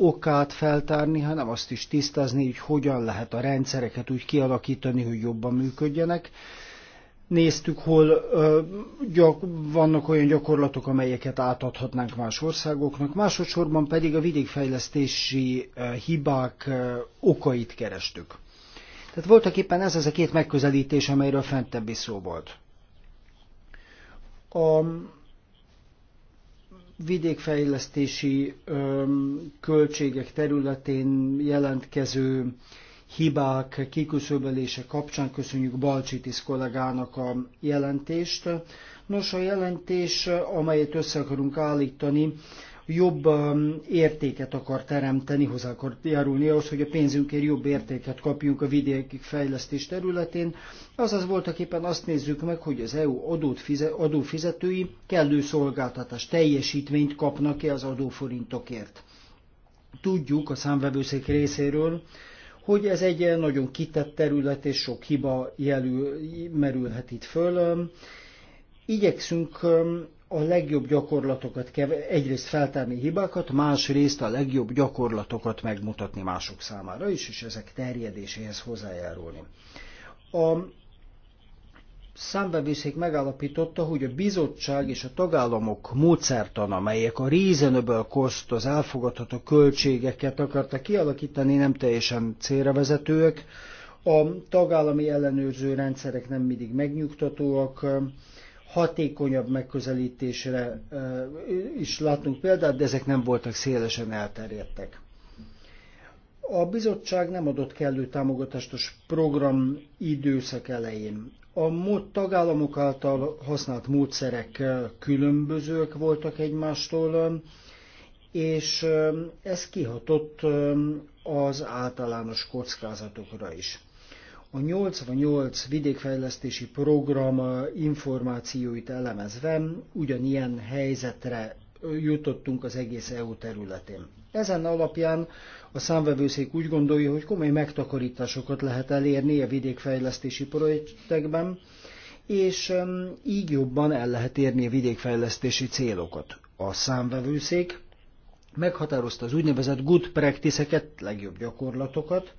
okát feltárni, hanem azt is tisztázni, hogy hogyan lehet a rendszereket úgy kialakítani, hogy jobban működjenek. Néztük, hol ö, gyak, vannak olyan gyakorlatok, amelyeket átadhatnánk más országoknak, másodszorban pedig a vidékfejlesztési ö, hibák ö, okait kerestük. Tehát voltak éppen ez az a két megközelítés, amelyről fentebbi szó volt. A vidékfejlesztési költségek területén jelentkező hibák kiküszöbölése kapcsán köszönjük Balcsitis kollégának a jelentést. Nos, a jelentés, amelyet össze akarunk állítani, jobb um, értéket akar teremteni, hozzá akar járulni ahhoz, hogy a pénzünkért jobb értéket kapjunk a vidéki fejlesztés területén. Azaz voltak éppen azt nézzük meg, hogy az EU adót fize, adófizetői kellő szolgáltatás teljesítményt kapnak-e az adóforintokért. Tudjuk a számvevőszék részéről, hogy ez egy nagyon kitett terület, és sok hiba jelül, merülhet itt föl. Um, igyekszünk um, a legjobb gyakorlatokat, egyrészt feltárni hibákat, másrészt a legjobb gyakorlatokat megmutatni mások számára is, és ezek terjedéséhez hozzájárulni. A számbevészék megállapította, hogy a bizottság és a tagállamok módszertan, amelyek a reasonable cost, az elfogadható költségeket akarta kialakítani, nem teljesen célra vezetőek. A tagállami ellenőrző rendszerek nem mindig megnyugtatóak, hatékonyabb megközelítésre eh, is látunk példát, de ezek nem voltak szélesen elterjedtek. A bizottság nem adott kellő támogatást a program időszak elején. A mód tagállamok által használt módszerek eh, különbözőek voltak egymástól, eh, és ez kihatott az általános kockázatokra is. A 88 vidékfejlesztési program információit elemezve ugyanilyen helyzetre jutottunk az egész EU területén. Ezen alapján a számvevőszék úgy gondolja, hogy komoly megtakarításokat lehet elérni a vidékfejlesztési projektekben, és így jobban el lehet érni a vidékfejlesztési célokat. A számvevőszék meghatározta az úgynevezett good practice eket legjobb gyakorlatokat,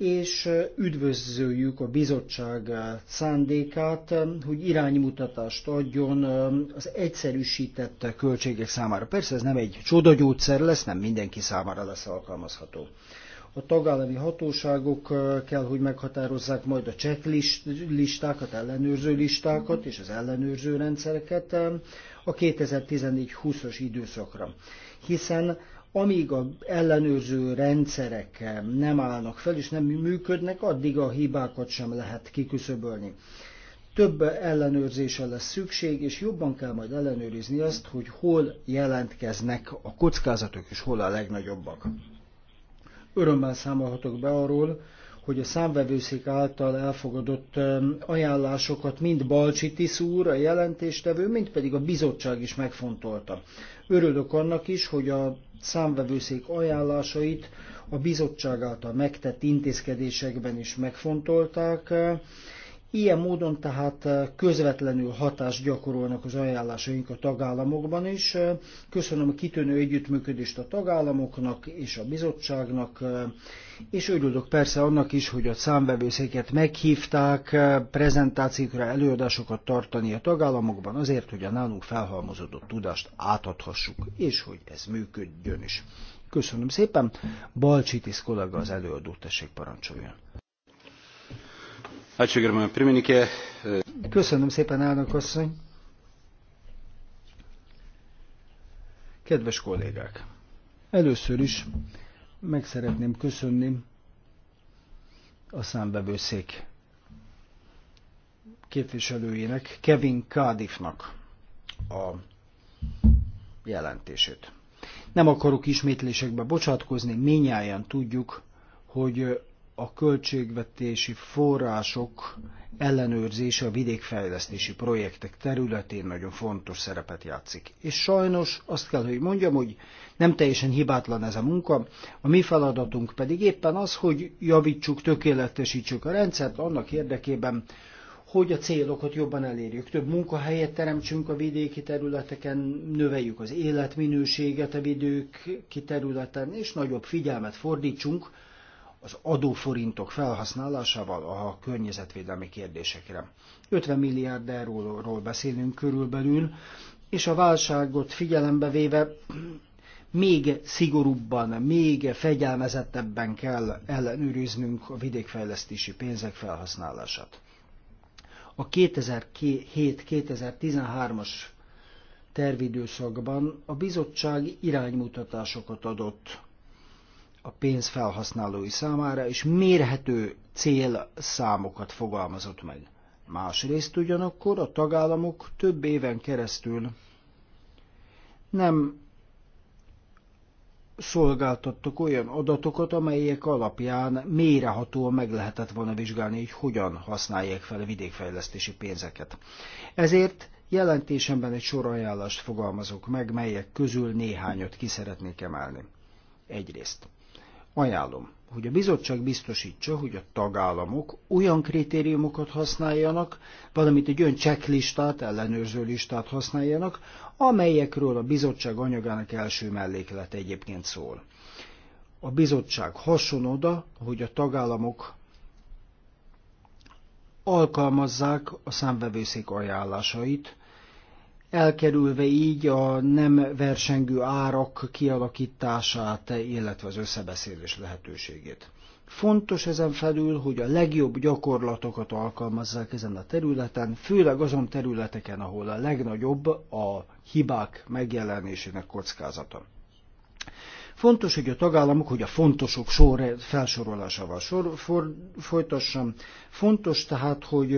és üdvözöljük a bizottság szándékát, hogy iránymutatást adjon az egyszerűsített költségek számára. Persze ez nem egy csodagyógyszer lesz, nem mindenki számára lesz alkalmazható. A tagállami hatóságok kell, hogy meghatározzák majd a checklistákat, listákat, ellenőrző listákat és az ellenőrző rendszereket a 2014-20-as időszakra. Hiszen amíg a ellenőrző rendszerek nem állnak fel és nem működnek, addig a hibákat sem lehet kiküszöbölni. Több ellenőrzésre lesz szükség, és jobban kell majd ellenőrizni azt, hogy hol jelentkeznek a kockázatok, és hol a legnagyobbak. Örömmel számolhatok be arról, hogy a számvevőszék által elfogadott ajánlásokat mind Tisz úr, a jelentéstevő, mind pedig a bizottság is megfontolta. Örülök annak is, hogy a számvevőszék ajánlásait a bizottság által megtett intézkedésekben is megfontolták, Ilyen módon tehát közvetlenül hatást gyakorolnak az ajánlásaink a tagállamokban is. Köszönöm a kitűnő együttműködést a tagállamoknak és a bizottságnak, és örülök persze annak is, hogy a számvevőszéket meghívták prezentációkra, előadásokat tartani a tagállamokban azért, hogy a nálunk felhalmozódott tudást átadhassuk, és hogy ez működjön is. Köszönöm szépen. Balcsitis kollega az előadó, tessék parancsoljon. Köszönöm szépen, elnök asszony. Kedves kollégák! Először is meg szeretném köszönni a számbevőszék képviselőjének, Kevin Cardiffnak a jelentését. Nem akarok ismétlésekbe bocsátkozni, minnyáján tudjuk, hogy a költségvetési források ellenőrzése a vidékfejlesztési projektek területén nagyon fontos szerepet játszik. És sajnos azt kell, hogy mondjam, hogy nem teljesen hibátlan ez a munka, a mi feladatunk pedig éppen az, hogy javítsuk, tökéletesítsük a rendszert annak érdekében, hogy a célokat jobban elérjük. Több munkahelyet teremtsünk a vidéki területeken, növeljük az életminőséget a vidők területen, és nagyobb figyelmet fordítsunk az adóforintok felhasználásával a környezetvédelmi kérdésekre. 50 milliárd euróról beszélünk körülbelül, és a válságot figyelembe véve még szigorúbban, még fegyelmezettebben kell ellenőriznünk a vidékfejlesztési pénzek felhasználását. A 2007-2013-as tervidőszakban a bizottság iránymutatásokat adott a pénz felhasználói számára, és mérhető célszámokat fogalmazott meg. Másrészt ugyanakkor a tagállamok több éven keresztül nem szolgáltattak olyan adatokat, amelyek alapján mérehatóan meg lehetett volna vizsgálni, hogy hogyan használják fel a vidékfejlesztési pénzeket. Ezért jelentésemben egy sor ajánlást fogalmazok meg, melyek közül néhányat ki szeretnék emelni. Egyrészt Ajánlom, hogy a bizottság biztosítsa, hogy a tagállamok olyan kritériumokat használjanak, valamint egy olyan checklistát, ellenőrző listát használjanak, amelyekről a bizottság anyagának első melléklete egyébként szól. A bizottság hason oda, hogy a tagállamok alkalmazzák a számvevőszék ajánlásait, elkerülve így a nem versengő árak kialakítását, illetve az összebeszélés lehetőségét. Fontos ezen felül, hogy a legjobb gyakorlatokat alkalmazzák ezen a területen, főleg azon területeken, ahol a legnagyobb a hibák megjelenésének kockázata. Fontos, hogy a tagállamok, hogy a fontosok sor felsorolásával sor, for, folytassam. Fontos tehát, hogy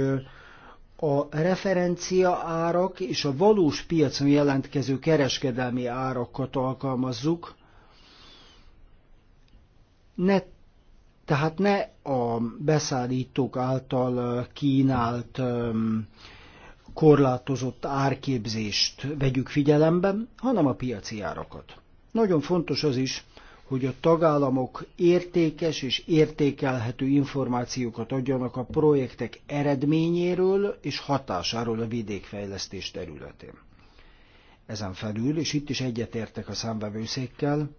a referencia árak és a valós piacon jelentkező kereskedelmi árakat alkalmazzuk, ne, tehát ne a beszállítók által kínált korlátozott árképzést vegyük figyelembe, hanem a piaci árakat. Nagyon fontos az is, hogy a tagállamok értékes és értékelhető információkat adjanak a projektek eredményéről és hatásáról a vidékfejlesztés területén. Ezen felül, és itt is egyetértek a számvevőszékkel,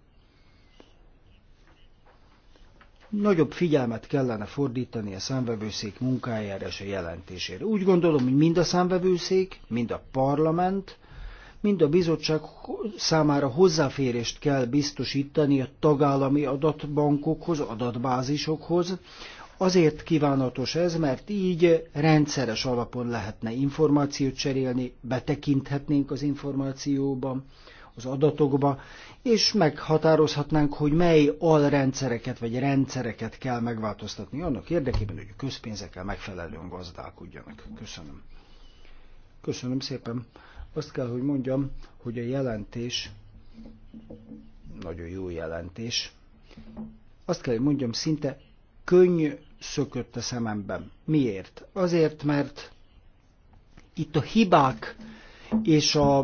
nagyobb figyelmet kellene fordítani a számvevőszék munkájára és a jelentésére. Úgy gondolom, hogy mind a számvevőszék, mind a parlament mind a bizottság számára hozzáférést kell biztosítani a tagállami adatbankokhoz, adatbázisokhoz. Azért kívánatos ez, mert így rendszeres alapon lehetne információt cserélni, betekinthetnénk az információba, az adatokba, és meghatározhatnánk, hogy mely alrendszereket vagy rendszereket kell megváltoztatni annak érdekében, hogy a közpénzekkel megfelelően gazdálkodjanak. Köszönöm. Köszönöm szépen. Azt kell, hogy mondjam, hogy a jelentés nagyon jó jelentés. Azt kell, hogy mondjam, szinte könnyű szökött a szememben. Miért? Azért, mert itt a hibák és a,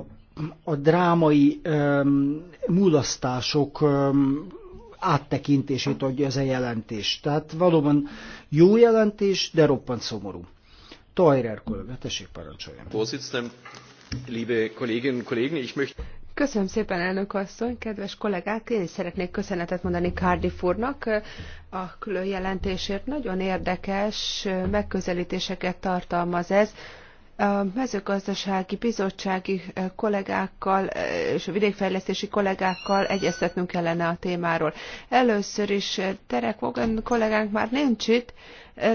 a drámai um, múlasztások um, áttekintését adja ez a jelentés. Tehát valóban jó jelentés, de roppant szomorú. Tajrer kollega, tessék parancsoljon liebe Kolleginnen und Kollegen, ich möchte... Köszönöm szépen, elnök asszony, kedves kollégák! Én is szeretnék köszönetet mondani Cardiff úrnak a külön jelentésért. Nagyon érdekes megközelítéseket tartalmaz ez. A mezőgazdasági bizottsági kollégákkal és a vidékfejlesztési kollégákkal egyeztetnünk kellene a témáról. Először is Terek Vogan kollégánk már nincs itt,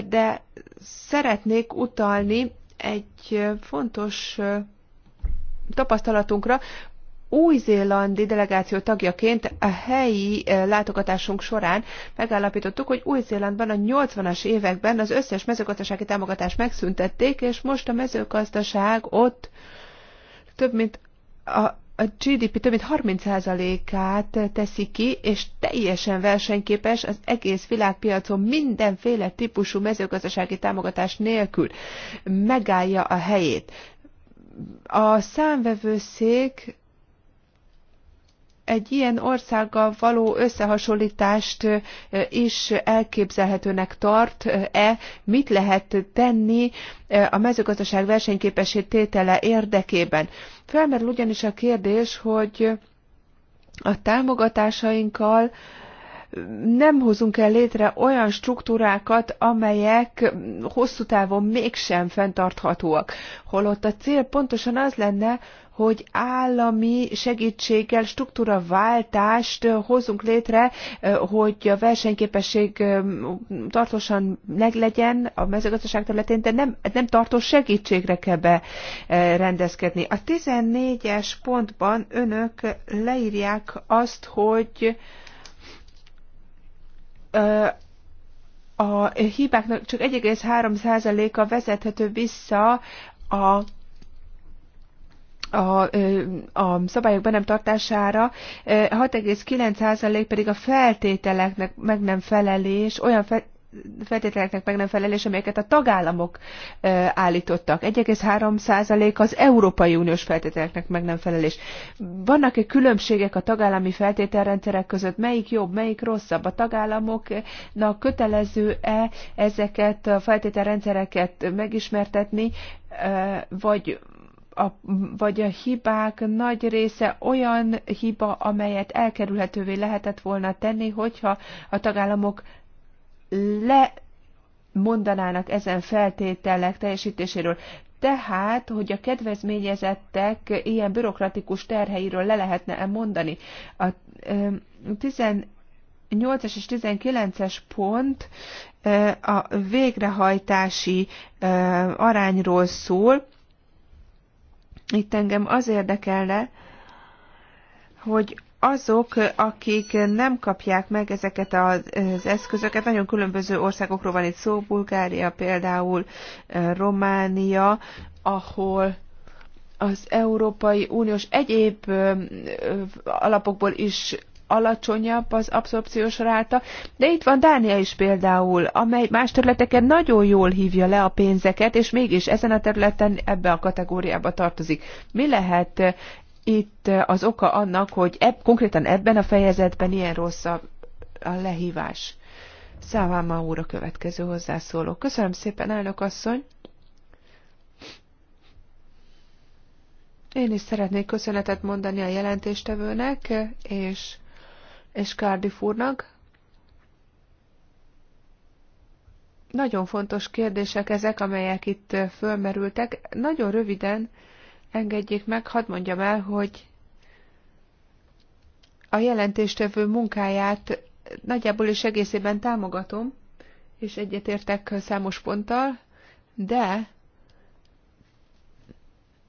de szeretnék utalni egy fontos tapasztalatunkra, új-zélandi delegáció tagjaként a helyi eh, látogatásunk során megállapítottuk, hogy Új-Zélandban a 80-as években az összes mezőgazdasági támogatást megszüntették, és most a mezőgazdaság ott több mint a a GDP több mint 30%-át teszi ki, és teljesen versenyképes az egész világpiacon mindenféle típusú mezőgazdasági támogatás nélkül megállja a helyét a számvevőszék egy ilyen országgal való összehasonlítást is elképzelhetőnek tart-e, mit lehet tenni a mezőgazdaság versenyképessé tétele érdekében. Felmerül ugyanis a kérdés, hogy a támogatásainkkal nem hozunk el létre olyan struktúrákat, amelyek hosszú távon mégsem fenntarthatóak. Holott a cél pontosan az lenne, hogy állami segítséggel struktúraváltást hozunk létre, hogy a versenyképesség tartósan meglegyen a mezőgazdaság területén, de nem, nem tartós segítségre kell berendezkedni. A 14-es pontban önök leírják azt, hogy a hibáknak csak 1,3%-a vezethető vissza a a, a szabályok be nem tartására, 6,9% pedig a feltételeknek meg nem felelés, olyan, fe, feltételeknek meg nem felel, és amelyeket a tagállamok állítottak. 1,3% az Európai Uniós feltételeknek meg nem felelés. Vannak-e különbségek a tagállami feltételrendszerek között? Melyik jobb, melyik rosszabb? A tagállamoknak kötelező-e ezeket a feltételrendszereket megismertetni, vagy a, vagy a hibák nagy része olyan hiba, amelyet elkerülhetővé lehetett volna tenni, hogyha a tagállamok lemondanának ezen feltételek teljesítéséről. Tehát, hogy a kedvezményezettek ilyen bürokratikus terheiről le lehetne -e mondani. A 18-as és 19-es pont a végrehajtási arányról szól. Itt engem az érdekelne, hogy azok, akik nem kapják meg ezeket az eszközöket, nagyon különböző országokról van itt szó, Bulgária például, eh, Románia, ahol az Európai Uniós egyéb eh, alapokból is alacsonyabb az abszorpciós ráta, de itt van Dánia is például, amely más területeken nagyon jól hívja le a pénzeket, és mégis ezen a területen ebbe a kategóriába tartozik. Mi lehet eh, itt eh, az oka annak, hogy eb, konkrétan ebben a fejezetben ilyen rossz a, a lehívás. Száváma úr a következő hozzászóló. Köszönöm szépen, elnök asszony! Én is szeretnék köszönetet mondani a jelentéstevőnek eh, és, és Cardiff úrnak. Nagyon fontos kérdések ezek, amelyek itt eh, fölmerültek. Nagyon röviden, Engedjék meg, hadd mondjam el, hogy a jelentéstevő munkáját nagyjából is egészében támogatom, és egyetértek számos ponttal, de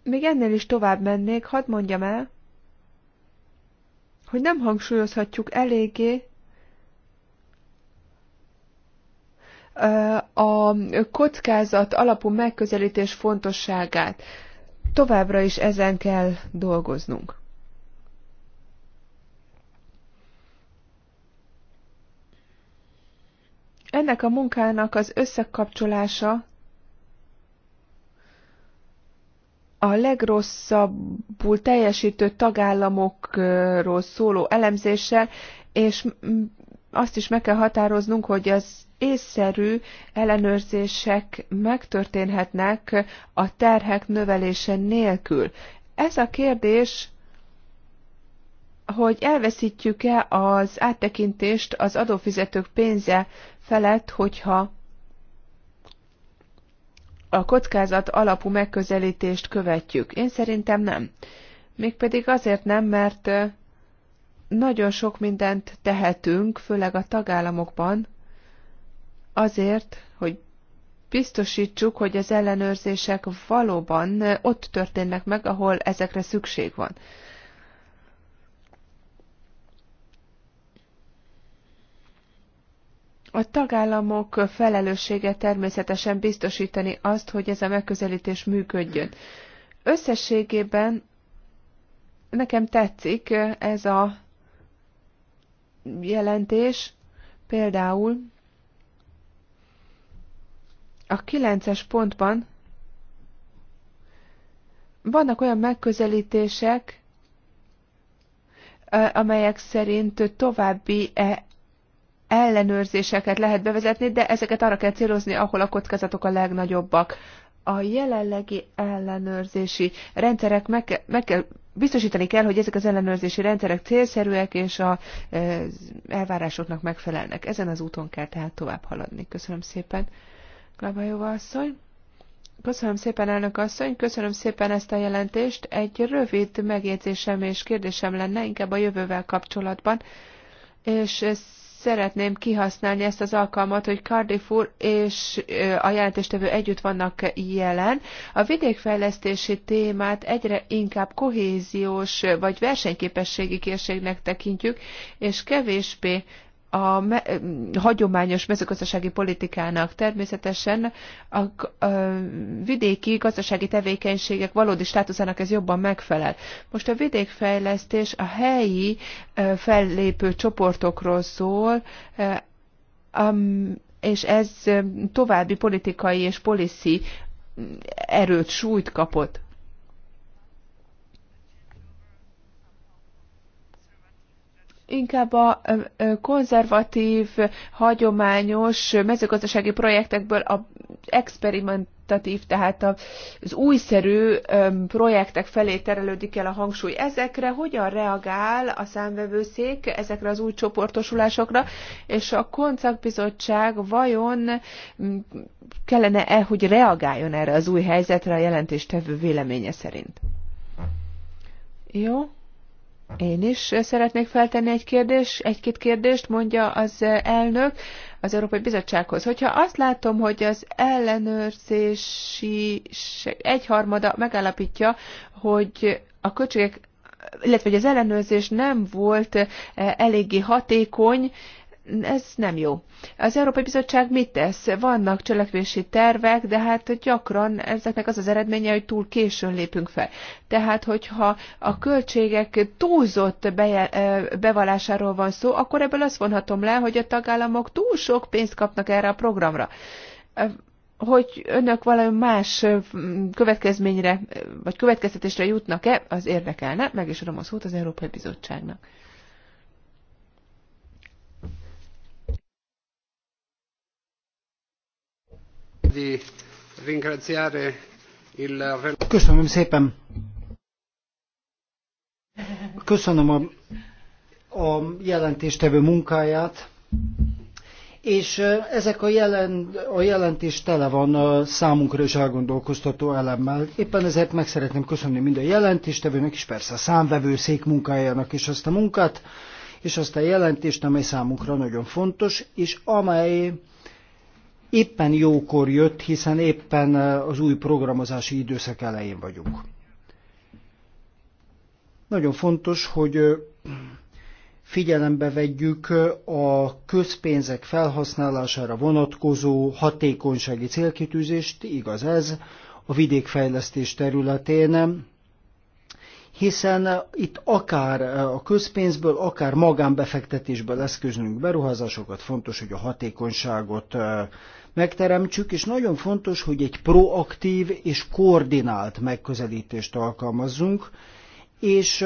még ennél is tovább mennék, hadd mondjam el, hogy nem hangsúlyozhatjuk eléggé a kockázat alapú megközelítés fontosságát. Továbbra is ezen kell dolgoznunk. Ennek a munkának az összekapcsolása a legrosszabbul teljesítő tagállamokról szóló elemzéssel, és azt is meg kell határoznunk, hogy az észszerű ellenőrzések megtörténhetnek a terhek növelése nélkül. Ez a kérdés hogy elveszítjük-e az áttekintést az adófizetők pénze felett, hogyha a kockázat alapú megközelítést követjük. Én szerintem nem. Mégpedig azért nem, mert nagyon sok mindent tehetünk, főleg a tagállamokban, azért, hogy biztosítsuk, hogy az ellenőrzések valóban ott történnek meg, ahol ezekre szükség van. A tagállamok felelőssége természetesen biztosítani azt, hogy ez a megközelítés működjön. Összességében nekem tetszik ez a jelentés, például a kilences pontban vannak olyan megközelítések, amelyek szerint további e, ellenőrzéseket lehet bevezetni, de ezeket arra kell célozni, ahol a kockázatok a legnagyobbak. A jelenlegi ellenőrzési rendszerek meg, kell, meg kell biztosítani kell, hogy ezek az ellenőrzési rendszerek célszerűek és a e, elvárásoknak megfelelnek. Ezen az úton kell tehát tovább haladni. Köszönöm szépen. Glabajova asszony. Köszönöm szépen, elnök asszony, köszönöm szépen ezt a jelentést. Egy rövid megjegyzésem és kérdésem lenne, inkább a jövővel kapcsolatban, és szeretném kihasználni ezt az alkalmat, hogy Cardiff úr és a jelentéstevő együtt vannak jelen. A vidékfejlesztési témát egyre inkább kohéziós vagy versenyképességi kérségnek tekintjük, és kevésbé a hagyományos mezőgazdasági politikának. Természetesen a, vidéki gazdasági tevékenységek valódi státuszának ez jobban megfelel. Most a vidékfejlesztés a helyi fellépő csoportokról szól, és ez további politikai és policy erőt, súlyt kapott. inkább a konzervatív, hagyományos mezőgazdasági projektekből a experimentatív, tehát az újszerű projektek felé terelődik el a hangsúly. Ezekre hogyan reagál a számvevőszék, ezekre az új csoportosulásokra, és a koncakbizottság vajon kellene-e, hogy reagáljon erre az új helyzetre a jelentéstevő véleménye szerint? Jó. Én is szeretnék feltenni egy kérdés, egy-két kérdést, mondja az elnök az Európai Bizottsághoz. Hogyha azt látom, hogy az ellenőrzési egyharmada megállapítja, hogy a költségek illetve hogy az ellenőrzés nem volt eh, eléggé hatékony, ez nem jó. Az Európai Bizottság mit tesz? Vannak cselekvési tervek, de hát gyakran ezeknek az az eredménye, hogy túl későn lépünk fel. Tehát, hogyha a költségek túlzott bevallásáról van szó, akkor ebből azt vonhatom le, hogy a tagállamok túl sok pénzt kapnak erre a programra hogy önök valami más következményre, vagy következtetésre jutnak-e, az érdekelne, meg is adom a szót az Európai Bizottságnak. Köszönöm szépen. Köszönöm a, a jelentéstevő munkáját. És ezek a, jelen, a jelentés tele van a számunkra is elgondolkoztató elemmel. Éppen ezért meg szeretném köszönni mind a jelentéstevőnek is, persze a számvevőszék munkájának is azt a munkát, és azt a jelentést, amely számunkra nagyon fontos, és amely éppen jókor jött, hiszen éppen az új programozási időszak elején vagyunk. Nagyon fontos, hogy figyelembe vegyük a közpénzek felhasználására vonatkozó hatékonysági célkitűzést, igaz ez, a vidékfejlesztés területén, hiszen itt akár a közpénzből, akár magánbefektetésből eszközünk beruházásokat, fontos, hogy a hatékonyságot megteremtsük, és nagyon fontos, hogy egy proaktív és koordinált megközelítést alkalmazzunk, és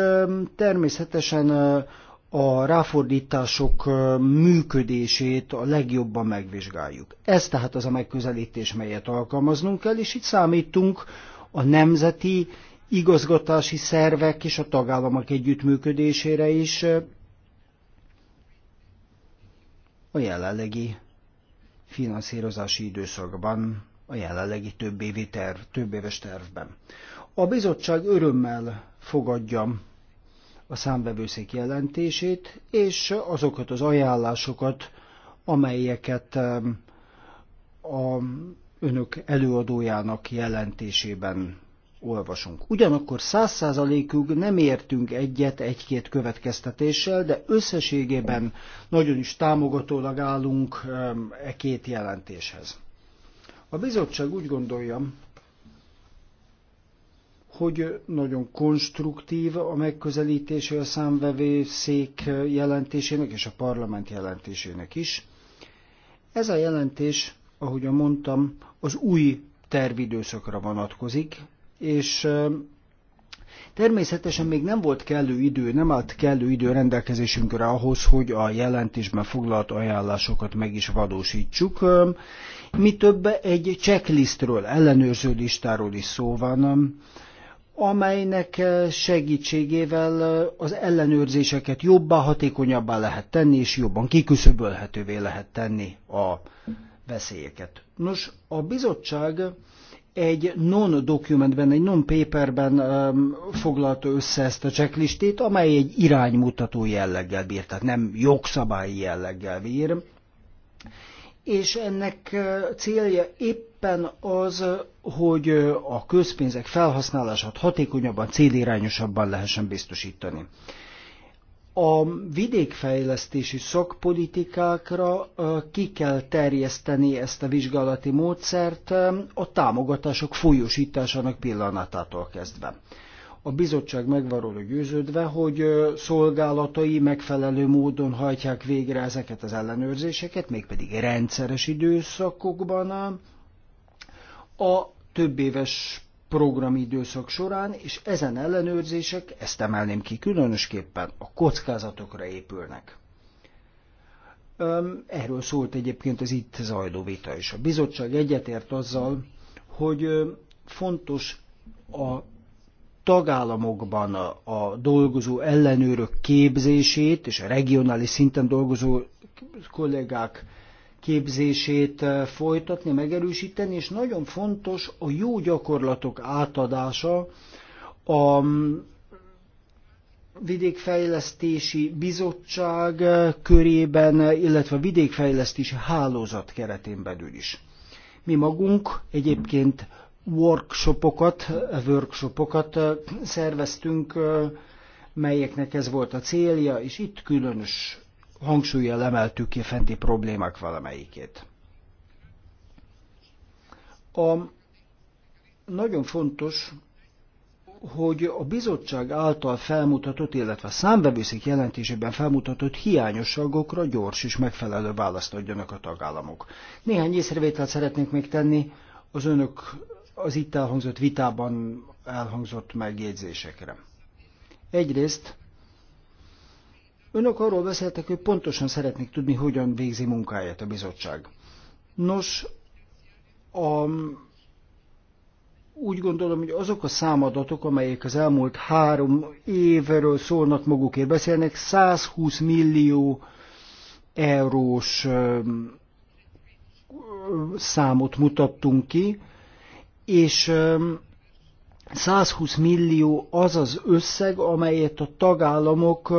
természetesen a ráfordítások működését a legjobban megvizsgáljuk. Ez tehát az a megközelítés, melyet alkalmaznunk kell, és itt számítunk a nemzeti igazgatási szervek és a tagállamok együttműködésére is a jelenlegi finanszírozási időszakban, a jelenlegi több, évi terv, több éves tervben. A bizottság örömmel fogadja a számbevőszék jelentését, és azokat az ajánlásokat, amelyeket um, a önök előadójának jelentésében olvasunk. Ugyanakkor száz százalékig nem értünk egyet egy-két következtetéssel, de összességében nagyon is támogatólag állunk e két jelentéshez. A bizottság úgy gondolja, hogy nagyon konstruktív a megközelítése a számvevőszék jelentésének és a parlament jelentésének is. Ez a jelentés, ahogyan mondtam, az új tervidőszakra vonatkozik, és Természetesen még nem volt kellő idő, nem állt kellő idő rendelkezésünkre ahhoz, hogy a jelentésben foglalt ajánlásokat meg is vadósítsuk. Mi több egy checklistről, ellenőrző listáról is szó van, amelynek segítségével az ellenőrzéseket jobbá, hatékonyabbá lehet tenni, és jobban kiküszöbölhetővé lehet tenni a veszélyeket. Nos, a bizottság egy non-dokumentben, egy non-paperben um, foglalta össze ezt a checklistét, amely egy iránymutató jelleggel bír, tehát nem jogszabályi jelleggel bír. És ennek uh, célja éppen az, hogy uh, a közpénzek felhasználását hatékonyabban, célirányosabban lehessen biztosítani a vidékfejlesztési szakpolitikákra ki kell terjeszteni ezt a vizsgálati módszert a támogatások folyósításának pillanatától kezdve. A bizottság megvaroló győződve, hogy szolgálatai megfelelő módon hajtják végre ezeket az ellenőrzéseket, mégpedig rendszeres időszakokban a több éves programidőszak során, és ezen ellenőrzések, ezt emelném ki különösképpen, a kockázatokra épülnek. Erről szólt egyébként az itt zajló vita is. A bizottság egyetért azzal, hogy fontos a tagállamokban a dolgozó ellenőrök képzését és a regionális szinten dolgozó kollégák képzését eh, folytatni, megerősíteni, és nagyon fontos a jó gyakorlatok átadása a mm, vidékfejlesztési bizottság eh, körében, illetve a vidékfejlesztési hálózat keretén belül is. Mi magunk egyébként workshopokat, eh, workshopokat szerveztünk, melyeknek ez volt a célja, és itt különös hangsúlyjal emeltük ki fenti problémák valamelyikét. A, nagyon fontos, hogy a bizottság által felmutatott, illetve a számbevőszék jelentésében felmutatott hiányosságokra gyors és megfelelő választ adjanak a tagállamok. Néhány észrevételt szeretnék még tenni az önök az itt elhangzott vitában elhangzott megjegyzésekre. Egyrészt Önök arról beszéltek, hogy pontosan szeretnék tudni, hogyan végzi munkáját a bizottság. Nos, a, úgy gondolom, hogy azok a számadatok, amelyek az elmúlt három évről szólnak magukért beszélnek, 120 millió eurós számot mutattunk ki, és 120 millió az az összeg, amelyet a tagállamok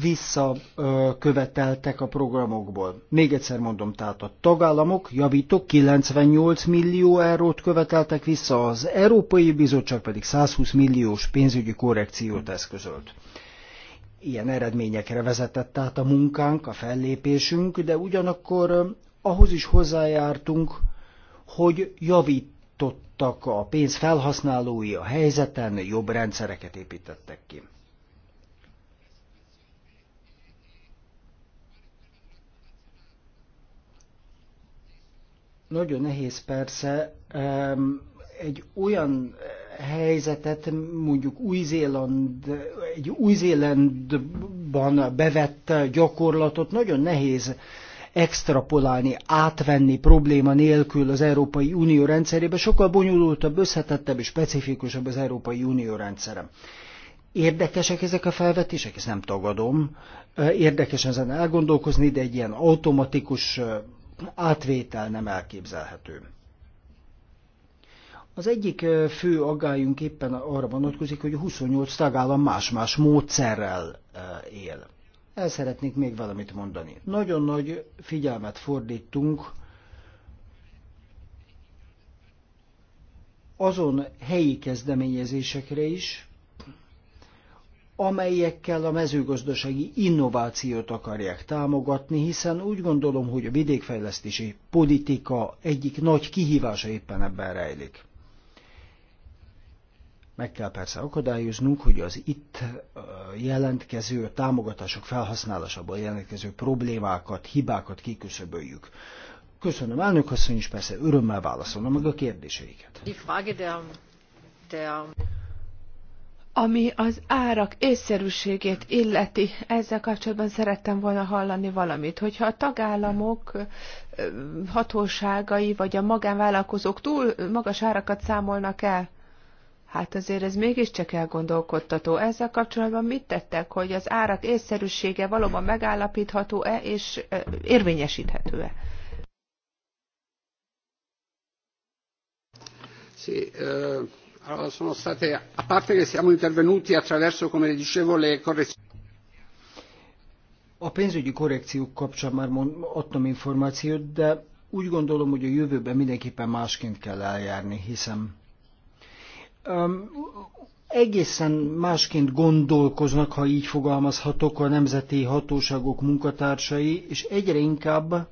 visszaköveteltek a programokból. Még egyszer mondom, tehát a tagállamok, javítok, 98 millió eurót követeltek vissza, az Európai Bizottság pedig 120 milliós pénzügyi korrekciót eszközölt. Ilyen eredményekre vezetett tehát a munkánk, a fellépésünk, de ugyanakkor ahhoz is hozzájártunk, hogy javítottak a pénz felhasználói a helyzeten, jobb rendszereket építettek ki. Nagyon nehéz persze egy olyan helyzetet mondjuk Új-Zéland, egy Új-Zélandban bevett gyakorlatot nagyon nehéz extrapolálni, átvenni probléma nélkül az Európai Unió rendszerébe, sokkal bonyolultabb, összetettebb és specifikusabb az Európai Unió rendszere. Érdekesek ezek a felvetések, ezt nem tagadom. Érdekes ezen elgondolkozni, de egy ilyen automatikus átvétel nem elképzelhető. Az egyik fő aggályunk éppen arra vonatkozik, hogy a 28 tagállam más-más módszerrel él. El szeretnék még valamit mondani. Nagyon nagy figyelmet fordítunk azon helyi kezdeményezésekre is, amelyekkel a mezőgazdasági innovációt akarják támogatni, hiszen úgy gondolom, hogy a vidékfejlesztési politika egyik nagy kihívása éppen ebben rejlik. Meg kell persze akadályoznunk, hogy az itt jelentkező támogatások felhasználásában jelentkező problémákat, hibákat kiküszöböljük. Köszönöm elnök asszony, és persze örömmel válaszolom meg a kérdéseiket ami az árak észszerűségét illeti. Ezzel kapcsolatban szerettem volna hallani valamit, hogyha a tagállamok hatóságai vagy a magánvállalkozók túl magas árakat számolnak el, Hát azért ez mégiscsak elgondolkodtató. Ezzel kapcsolatban mit tettek, hogy az árak észszerűsége valóban megállapítható-e és érvényesíthető-e? Sí, uh... Allora, sono state, a parte che siamo intervenuti attraverso, come le dicevo, le correzioni. A pénzügyi korrekciók kapcsán már adtam információt, de úgy gondolom, hogy a jövőben mindenképpen másként kell eljárni, hiszem um, egészen másként gondolkoznak, ha így fogalmazhatok, a nemzeti hatóságok munkatársai, és egyre inkább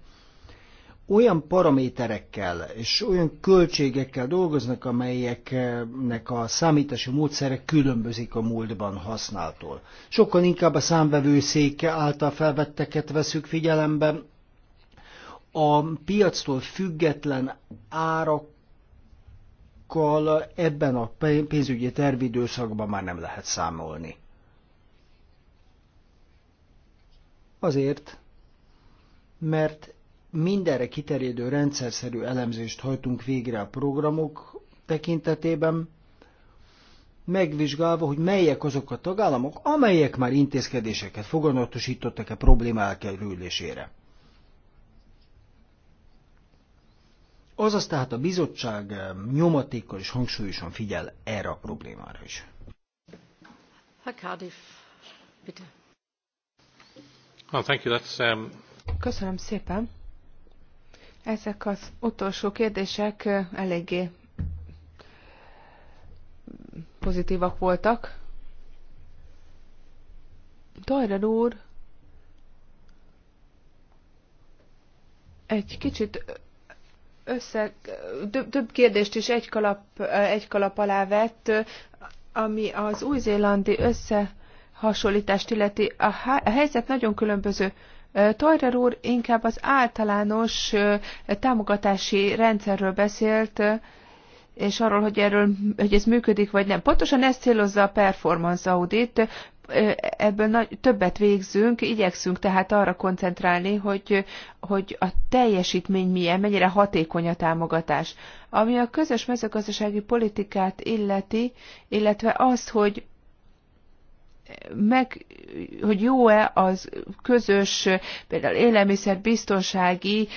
olyan paraméterekkel és olyan költségekkel dolgoznak, amelyeknek a számítási módszerek különbözik a múltban használtól. Sokkal inkább a számvevőszék által felvetteket veszük figyelembe, a piactól független árakkal ebben a pénzügyi tervidőszakban már nem lehet számolni. Azért, mert mindenre kiterjedő rendszerszerű elemzést hajtunk végre a programok tekintetében, megvizsgálva, hogy melyek azok a tagállamok, amelyek már intézkedéseket foganatosítottak a probléma elkerülésére. Azaz tehát a bizottság nyomatékkal és hangsúlyosan figyel erre a problémára is. Herr Cardiff, bitte. Oh, thank you. That's, um... Köszönöm szépen. Ezek az utolsó kérdések eléggé pozitívak voltak. Tajran úr egy kicsit össze, több, több kérdést is egy kalap, egy kalap alá vett, ami az új-zélandi összehasonlítást illeti. A, há, a helyzet nagyon különböző. Toyrer úr inkább az általános támogatási rendszerről beszélt, és arról, hogy, erről, hogy ez működik vagy nem. Pontosan ezt célozza a performance audit, ebből nagy, többet végzünk, igyekszünk tehát arra koncentrálni, hogy, hogy a teljesítmény milyen, mennyire hatékony a támogatás. Ami a közös mezőgazdasági politikát illeti, illetve azt, hogy meg, hogy jó-e az közös, például élelmiszerbiztonsági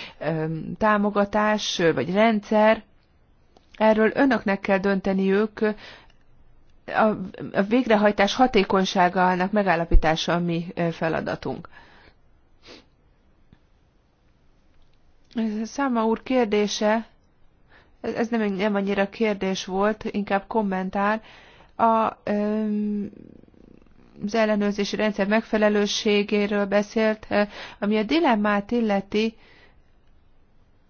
támogatás vagy rendszer, erről önöknek kell dönteniük, a, a végrehajtás hatékonyságának megállapítása a mi eh, feladatunk. Száma úr kérdése, ez nem, nem annyira kérdés volt, inkább kommentár. A, öm, az ellenőrzési rendszer megfelelőségéről beszélt, eh, ami a dilemmát illeti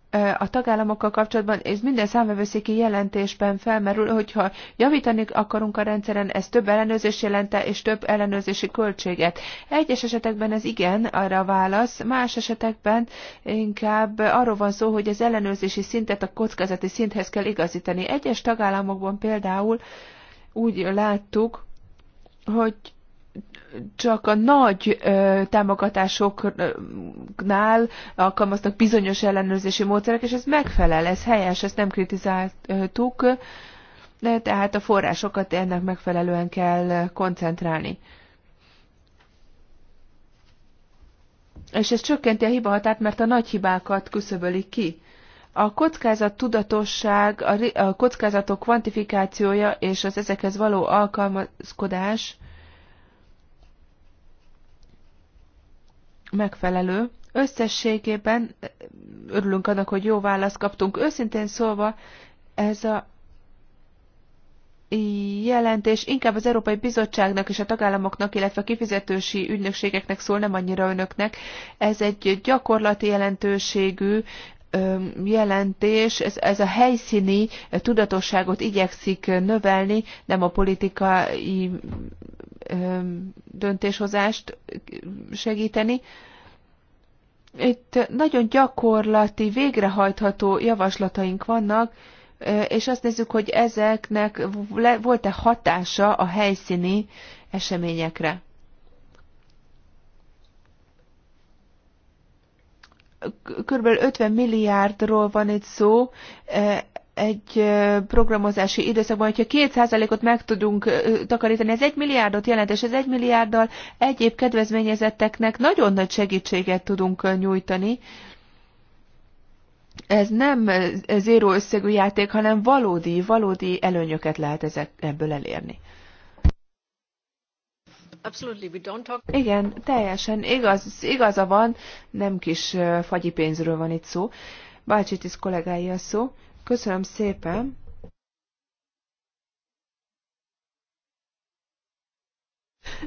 eh, a tagállamokkal kapcsolatban, ez minden számvevőszéki jelentésben felmerül, hogyha javítani akarunk a rendszeren, ez több ellenőrzés jelente és több ellenőrzési költséget. Egyes esetekben ez igen, arra a válasz, más esetekben inkább arról van szó, hogy az ellenőrzési szintet a kockázati szinthez kell igazítani. Egyes tagállamokban például úgy láttuk, hogy csak a nagy ö, támogatásoknál alkalmaznak bizonyos ellenőrzési módszerek, és ez megfelel, ez helyes, ezt nem kritizáltuk, de tehát a forrásokat ennek megfelelően kell koncentrálni. És ez csökkenti a hibahatárt, mert a nagy hibákat küszöbölik ki. A kockázat tudatosság, a kockázatok kvantifikációja és az ezekhez való alkalmazkodás – megfelelő. Összességében eh, örülünk annak, hogy jó választ kaptunk. Őszintén szólva, ez a jelentés inkább az Európai Bizottságnak és a tagállamoknak, illetve a kifizetősi ügynökségeknek szól, nem annyira önöknek. Ez egy gyakorlati jelentőségű jelentés, ez, ez a helyszíni tudatosságot igyekszik növelni, nem a politikai döntéshozást segíteni. Itt nagyon gyakorlati, végrehajtható javaslataink vannak, és azt nézzük, hogy ezeknek volt-e hatása a helyszíni eseményekre. Körülbelül 50 milliárdról van itt szó, egy programozási időszakban, hogyha 2%-ot meg tudunk takarítani, ez egy milliárdot jelent, és ez egy milliárddal egyéb kedvezményezetteknek nagyon nagy segítséget tudunk nyújtani. Ez nem zéró összegű játék, hanem valódi, valódi előnyöket lehet ezek, ebből elérni. Igen, teljesen igaz, igaza van, nem kis fagyipénzről van itt szó. Bácsitis kollégái a szó. Köszönöm szépen.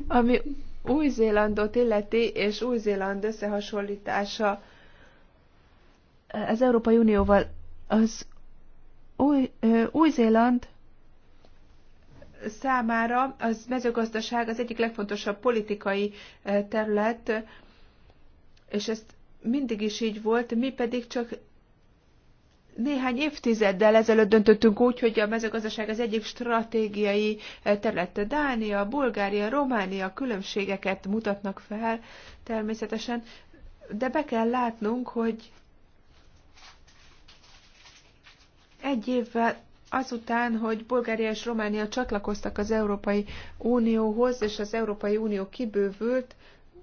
Ami Új-Zélandot illeti, és Új-Zéland összehasonlítása az Európai Unióval, az Új, Új-Zéland számára az mezőgazdaság az egyik legfontosabb politikai terület, és ezt mindig is így volt, mi pedig csak néhány évtizeddel ezelőtt döntöttünk úgy, hogy a mezőgazdaság az egyik stratégiai eh, területe Dánia, Bulgária, Románia különbségeket mutatnak fel természetesen, de be kell látnunk, hogy egy évvel azután, hogy Bulgária és Románia csatlakoztak az Európai Unióhoz, és az Európai Unió kibővült,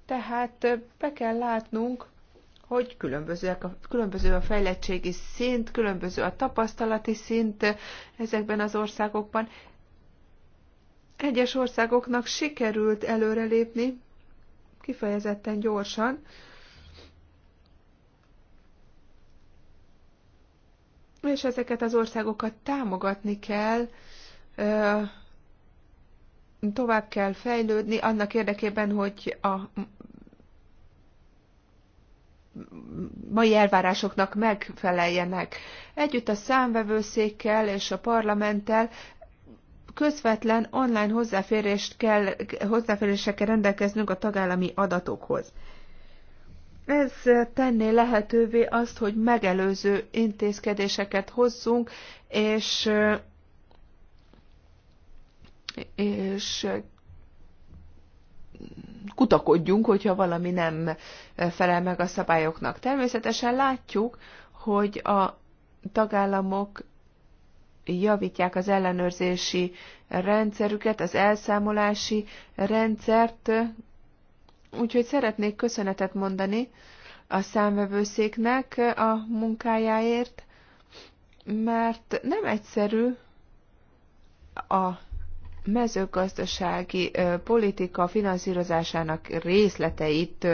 tehát eh, be kell látnunk, hogy különbözőek a, különböző a fejlettségi szint, különböző a tapasztalati szint ezekben az országokban. Egyes országoknak sikerült előrelépni, kifejezetten gyorsan, és ezeket az országokat támogatni kell, tovább kell fejlődni annak érdekében, hogy a mai elvárásoknak megfeleljenek. Együtt a számvevőszékkel és a parlamenttel közvetlen online hozzáférést kell, hozzáférésre kell rendelkeznünk a tagállami adatokhoz. Ez tenné lehetővé azt, hogy megelőző intézkedéseket hozzunk, és és kutakodjunk, hogyha valami nem felel meg a szabályoknak. Természetesen látjuk, hogy a tagállamok javítják az ellenőrzési rendszerüket, az elszámolási rendszert, úgyhogy szeretnék köszönetet mondani a számvevőszéknek a munkájáért, mert nem egyszerű a mezőgazdasági politika finanszírozásának részleteit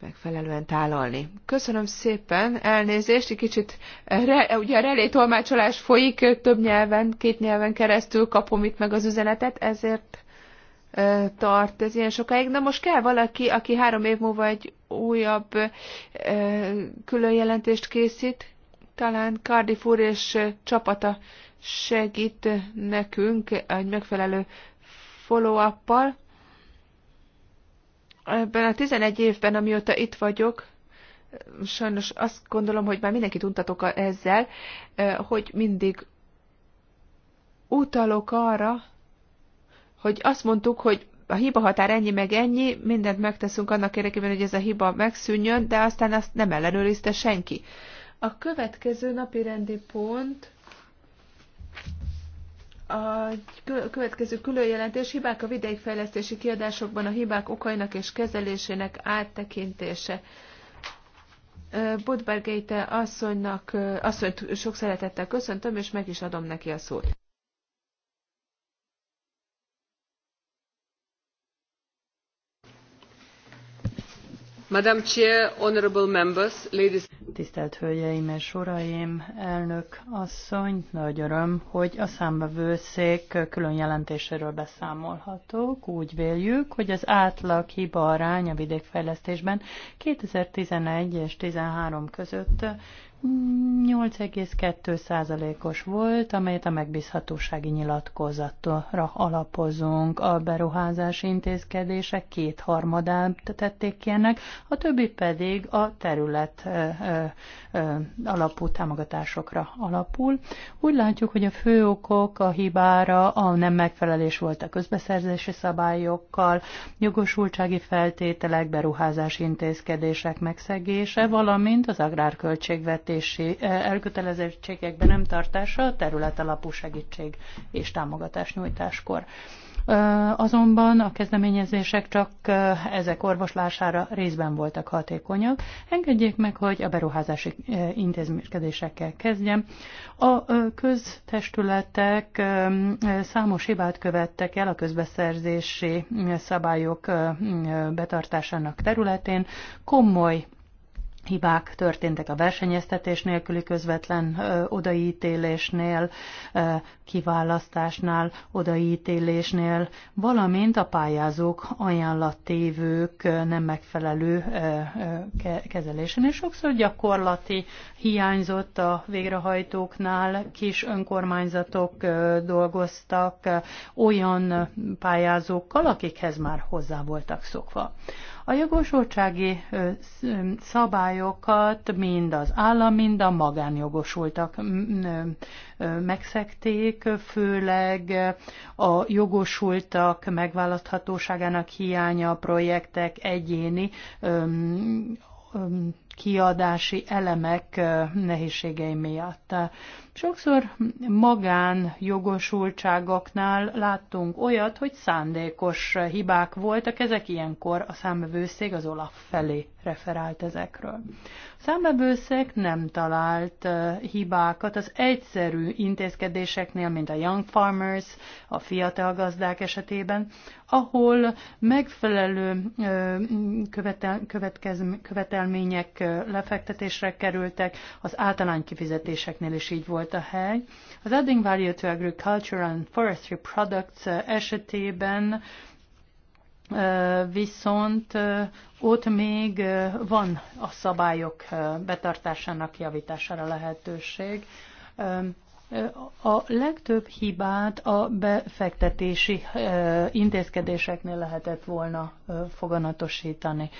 megfelelően tálalni. Köszönöm szépen, elnézést, egy kicsit, re, ugye a relé tolmácsolás folyik több nyelven, két nyelven keresztül kapom itt meg az üzenetet, ezért e, tart ez ilyen sokáig. Na most kell valaki, aki három év múlva egy újabb e, külön jelentést készít, talán Cardiff úr és csapata segít nekünk egy megfelelő follow-uppal. Ebben a 11 évben, amióta itt vagyok, sajnos azt gondolom, hogy már mindenkit untatok ezzel, hogy mindig utalok arra, hogy azt mondtuk, hogy a hiba határ ennyi meg ennyi, mindent megteszünk annak érdekében, hogy ez a hiba megszűnjön, de aztán azt nem ellenőrizte senki. A következő napi rendi pont a következő különjelentés hibák a vidékfejlesztési kiadásokban a hibák okainak és kezelésének áttekintése. Budbergéte asszonynak, asszonyt sok szeretettel köszöntöm, és meg is adom neki a szót. Madam Chair, honorable members, ladies. Tisztelt Hölgyeim és Uraim, elnök asszony, nagy öröm, hogy a számbevőszék külön jelentéséről beszámolhatok. Úgy véljük, hogy az átlag hiba arány a vidékfejlesztésben 2011 és 2013 között 8,2%-os volt, amelyet a megbízhatósági nyilatkozatra alapozunk. A beruházási intézkedések kétharmadát tették ki ennek, a többi pedig a terület alapú támogatásokra alapul. Úgy látjuk, hogy a fő okok a hibára a nem megfelelés volt a közbeszerzési szabályokkal, jogosultsági feltételek, beruházási intézkedések megszegése, valamint az agrárköltségvetés költségvetési eh, elkötelezettségekbe nem tartása a területalapú segítség és támogatás nyújtáskor. Eh, azonban a kezdeményezések csak eh, ezek orvoslására részben voltak hatékonyak. Engedjék meg, hogy a beruházási intézményekkel kezdjem. A köztestületek számos hibát követtek el a közbeszerzési szabályok betartásának területén. Komoly hibák történtek a versenyeztetés nélküli közvetlen ö, odaítélésnél, ö, kiválasztásnál, odaítélésnél, valamint a pályázók ajánlattévők ö, nem megfelelő ö, ö, kezelésen, és sokszor gyakorlati hiányzott a végrehajtóknál, kis önkormányzatok ö, dolgoztak ö, olyan pályázókkal, akikhez már hozzá voltak szokva. A jogosultsági szabályokat mind az állam, mind a magánjogosultak megszekték, főleg a jogosultak megválaszthatóságának hiánya a projektek egyéni kiadási elemek nehézségei miatt. Sokszor magán jogosultságoknál láttunk olyat, hogy szándékos hibák voltak, ezek ilyenkor a számvevőszék az Olaf felé referált ezekről. Számbevőszek nem talált hibákat az egyszerű intézkedéseknél, mint a Young Farmers, a fiatal gazdák esetében, ahol megfelelő követel, következ, követelmények lefektetésre kerültek, az általány kifizetéseknél is így volt a hely. Az Adding Value to Agriculture and Forestry Products esetében viszont ott még van a szabályok betartásának javítására lehetőség. A legtöbb hibát a befektetési intézkedéseknél lehetett volna foganatosítani.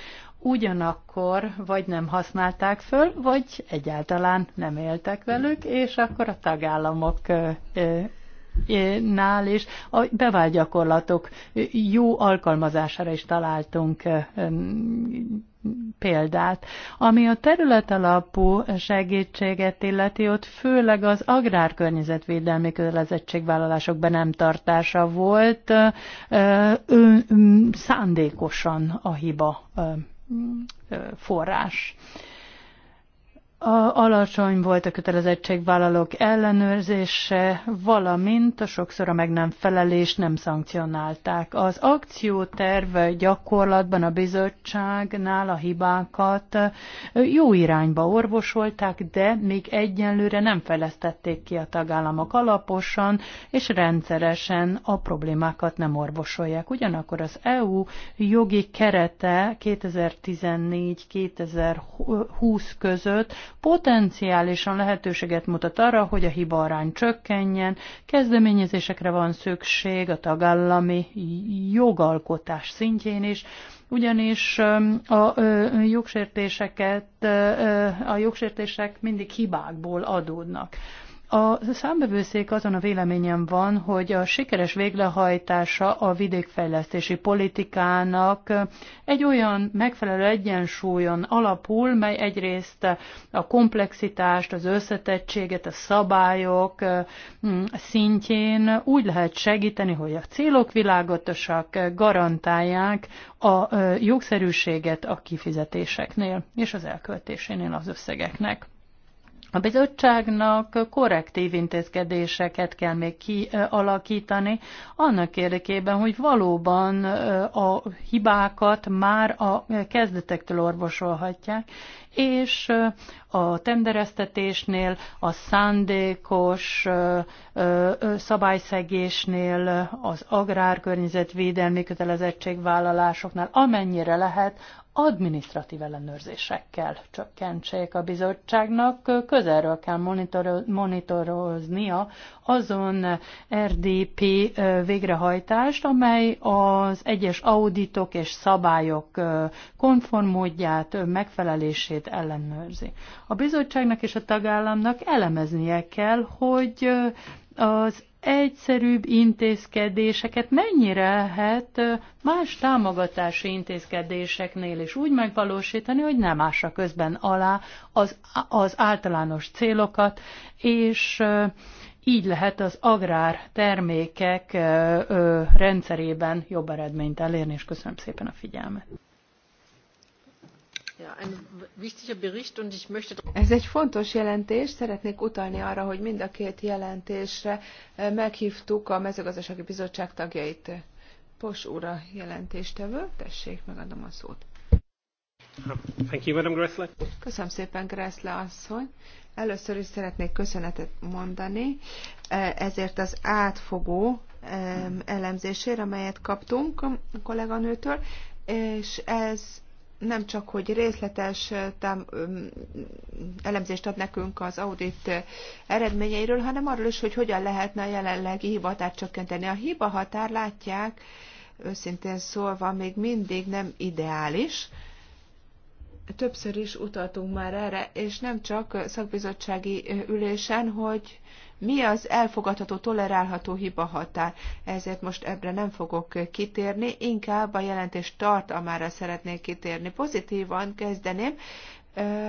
Ugyanakkor vagy nem használták föl, vagy egyáltalán nem éltek velük, és akkor a tagállamok nál és a bevált gyakorlatok jó alkalmazására is találtunk példát. Ami a terület alapú segítséget illeti, ott főleg az agrárkörnyezetvédelmi kötelezettségvállalások be nem tartása volt szándékosan a hiba forrás a, alacsony volt a kötelezettségvállalók ellenőrzése, valamint a sokszor a meg nem felelés nem szankcionálták. Az akcióterv gyakorlatban a bizottságnál a hibákat jó irányba orvosolták, de még egyenlőre nem fejlesztették ki a tagállamok alaposan, és rendszeresen a problémákat nem orvosolják. Ugyanakkor az EU jogi kerete 2014-2020 között potenciálisan lehetőséget mutat arra, hogy a arány csökkenjen, kezdeményezésekre van szükség a tagállami jogalkotás szintjén is, ugyanis a jogsértéseket, a jogsértések mindig hibákból adódnak. A számbevőszék azon a véleményem van, hogy a sikeres végrehajtása a vidékfejlesztési politikának egy olyan megfelelő egyensúlyon alapul, mely egyrészt a komplexitást, az összetettséget, a szabályok mm, szintjén úgy lehet segíteni, hogy a célok világotosak garantálják a jogszerűséget a kifizetéseknél és az elköltésénél az összegeknek. A bizottságnak korrektív intézkedéseket kell még kialakítani, annak érdekében, hogy valóban a hibákat már a kezdetektől orvosolhatják, és a tendereztetésnél, a szándékos szabályszegésnél, az agrárkörnyezetvédelmi kötelezettségvállalásoknál, amennyire lehet, administratív ellenőrzésekkel csökkentsék a bizottságnak. Közelről kell monitoroznia azon RDP végrehajtást, amely az egyes auditok és szabályok konformódját, megfelelését ellenőrzi. A bizottságnak és a tagállamnak elemeznie kell, hogy az egyszerűbb intézkedéseket mennyire lehet más támogatási intézkedéseknél is úgy megvalósítani, hogy nem ássa közben alá az, az általános célokat, és így lehet az agrár termékek rendszerében jobb eredményt elérni, és köszönöm szépen a figyelmet. Ez egy fontos jelentés, szeretnék utalni arra, hogy mind a két jelentésre eh, meghívtuk a mezőgazdasági bizottság tagjait. Pos úra jelentéstevő, tessék, megadom a szót. Thank you, Madam Köszönöm szépen, Gressle asszony. Először is szeretnék köszönetet mondani eh, ezért az átfogó eh, elemzésért, amelyet kaptunk a kolléganőtől, és ez nem csak, hogy részletes tám, elemzést ad nekünk az audit eredményeiről, hanem arról is, hogy hogyan lehetne a jelenlegi hibahatárt csökkenteni. A hibahatár, látják, őszintén szólva, még mindig nem ideális. Többször is utaltunk már erre, és nem csak szakbizottsági ülésen, hogy mi az elfogadható, tolerálható hiba határ. Ezért most ebbre nem fogok kitérni, inkább a jelentés tartalmára szeretnék kitérni. Pozitívan kezdeném,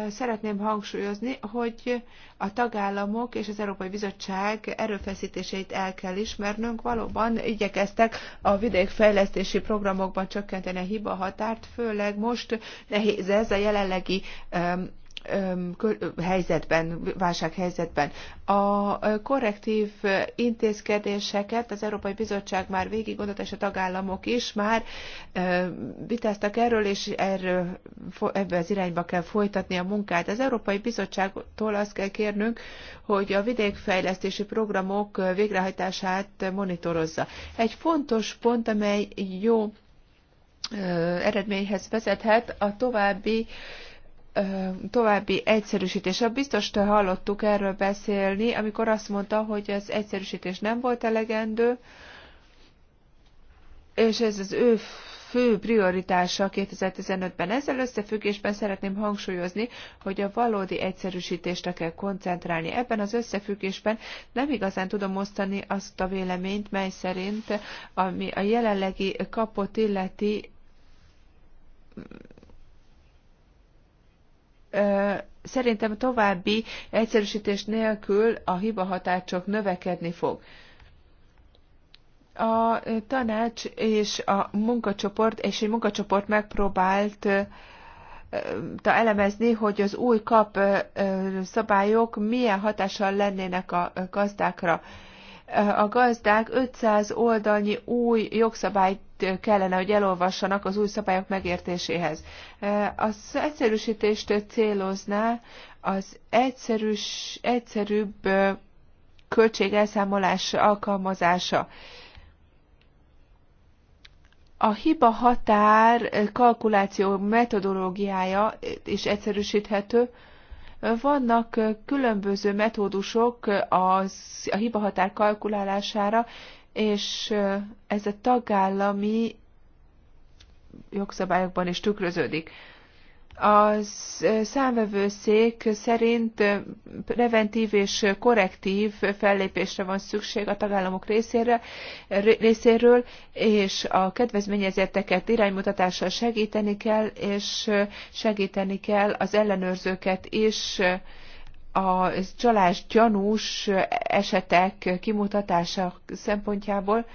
szeretném hangsúlyozni, hogy a tagállamok és az Európai Bizottság erőfeszítéseit el kell ismernünk. Valóban igyekeztek a vidékfejlesztési programokban csökkenteni a hiba határt, főleg most nehéz ez a jelenlegi helyzetben, válsághelyzetben. A korrektív intézkedéseket az Európai Bizottság már végig gondolta, és a tagállamok is már vitáztak erről, és erről, ebbe az irányba kell folytatni a munkát. Az Európai Bizottságtól azt kell kérnünk, hogy a vidékfejlesztési programok végrehajtását monitorozza. Egy fontos pont, amely jó eredményhez vezethet, a további további egyszerűsítés. A biztos hallottuk erről beszélni, amikor azt mondta, hogy az egyszerűsítés nem volt elegendő, és ez az ő fő prioritása 2015-ben. Ezzel összefüggésben szeretném hangsúlyozni, hogy a valódi egyszerűsítésre kell koncentrálni. Ebben az összefüggésben nem igazán tudom osztani azt a véleményt, mely szerint ami a jelenlegi kapot illeti szerintem további egyszerűsítés nélkül a hibahatár csak növekedni fog. A tanács és a munkacsoport és egy munkacsoport megpróbált ta elemezni, hogy az új kap szabályok milyen hatással lennének a gazdákra a gazdák 500 oldalnyi új jogszabályt kellene, hogy elolvassanak az új szabályok megértéséhez. Eh, az egyszerűsítést célozná az egyszerűs, egyszerűbb eh, költségelszámolás alkalmazása. A hiba határ eh, kalkuláció metodológiája is egyszerűsíthető, vannak különböző metódusok az, a hibahatár kalkulálására, és ez a tagállami jogszabályokban is tükröződik. A számvevőszék szerint preventív és korrektív fellépésre van szükség a tagállamok részére, részéről, és a kedvezményezetteket iránymutatással segíteni kell, és segíteni kell az ellenőrzőket is a csalás gyanús esetek kimutatása szempontjából,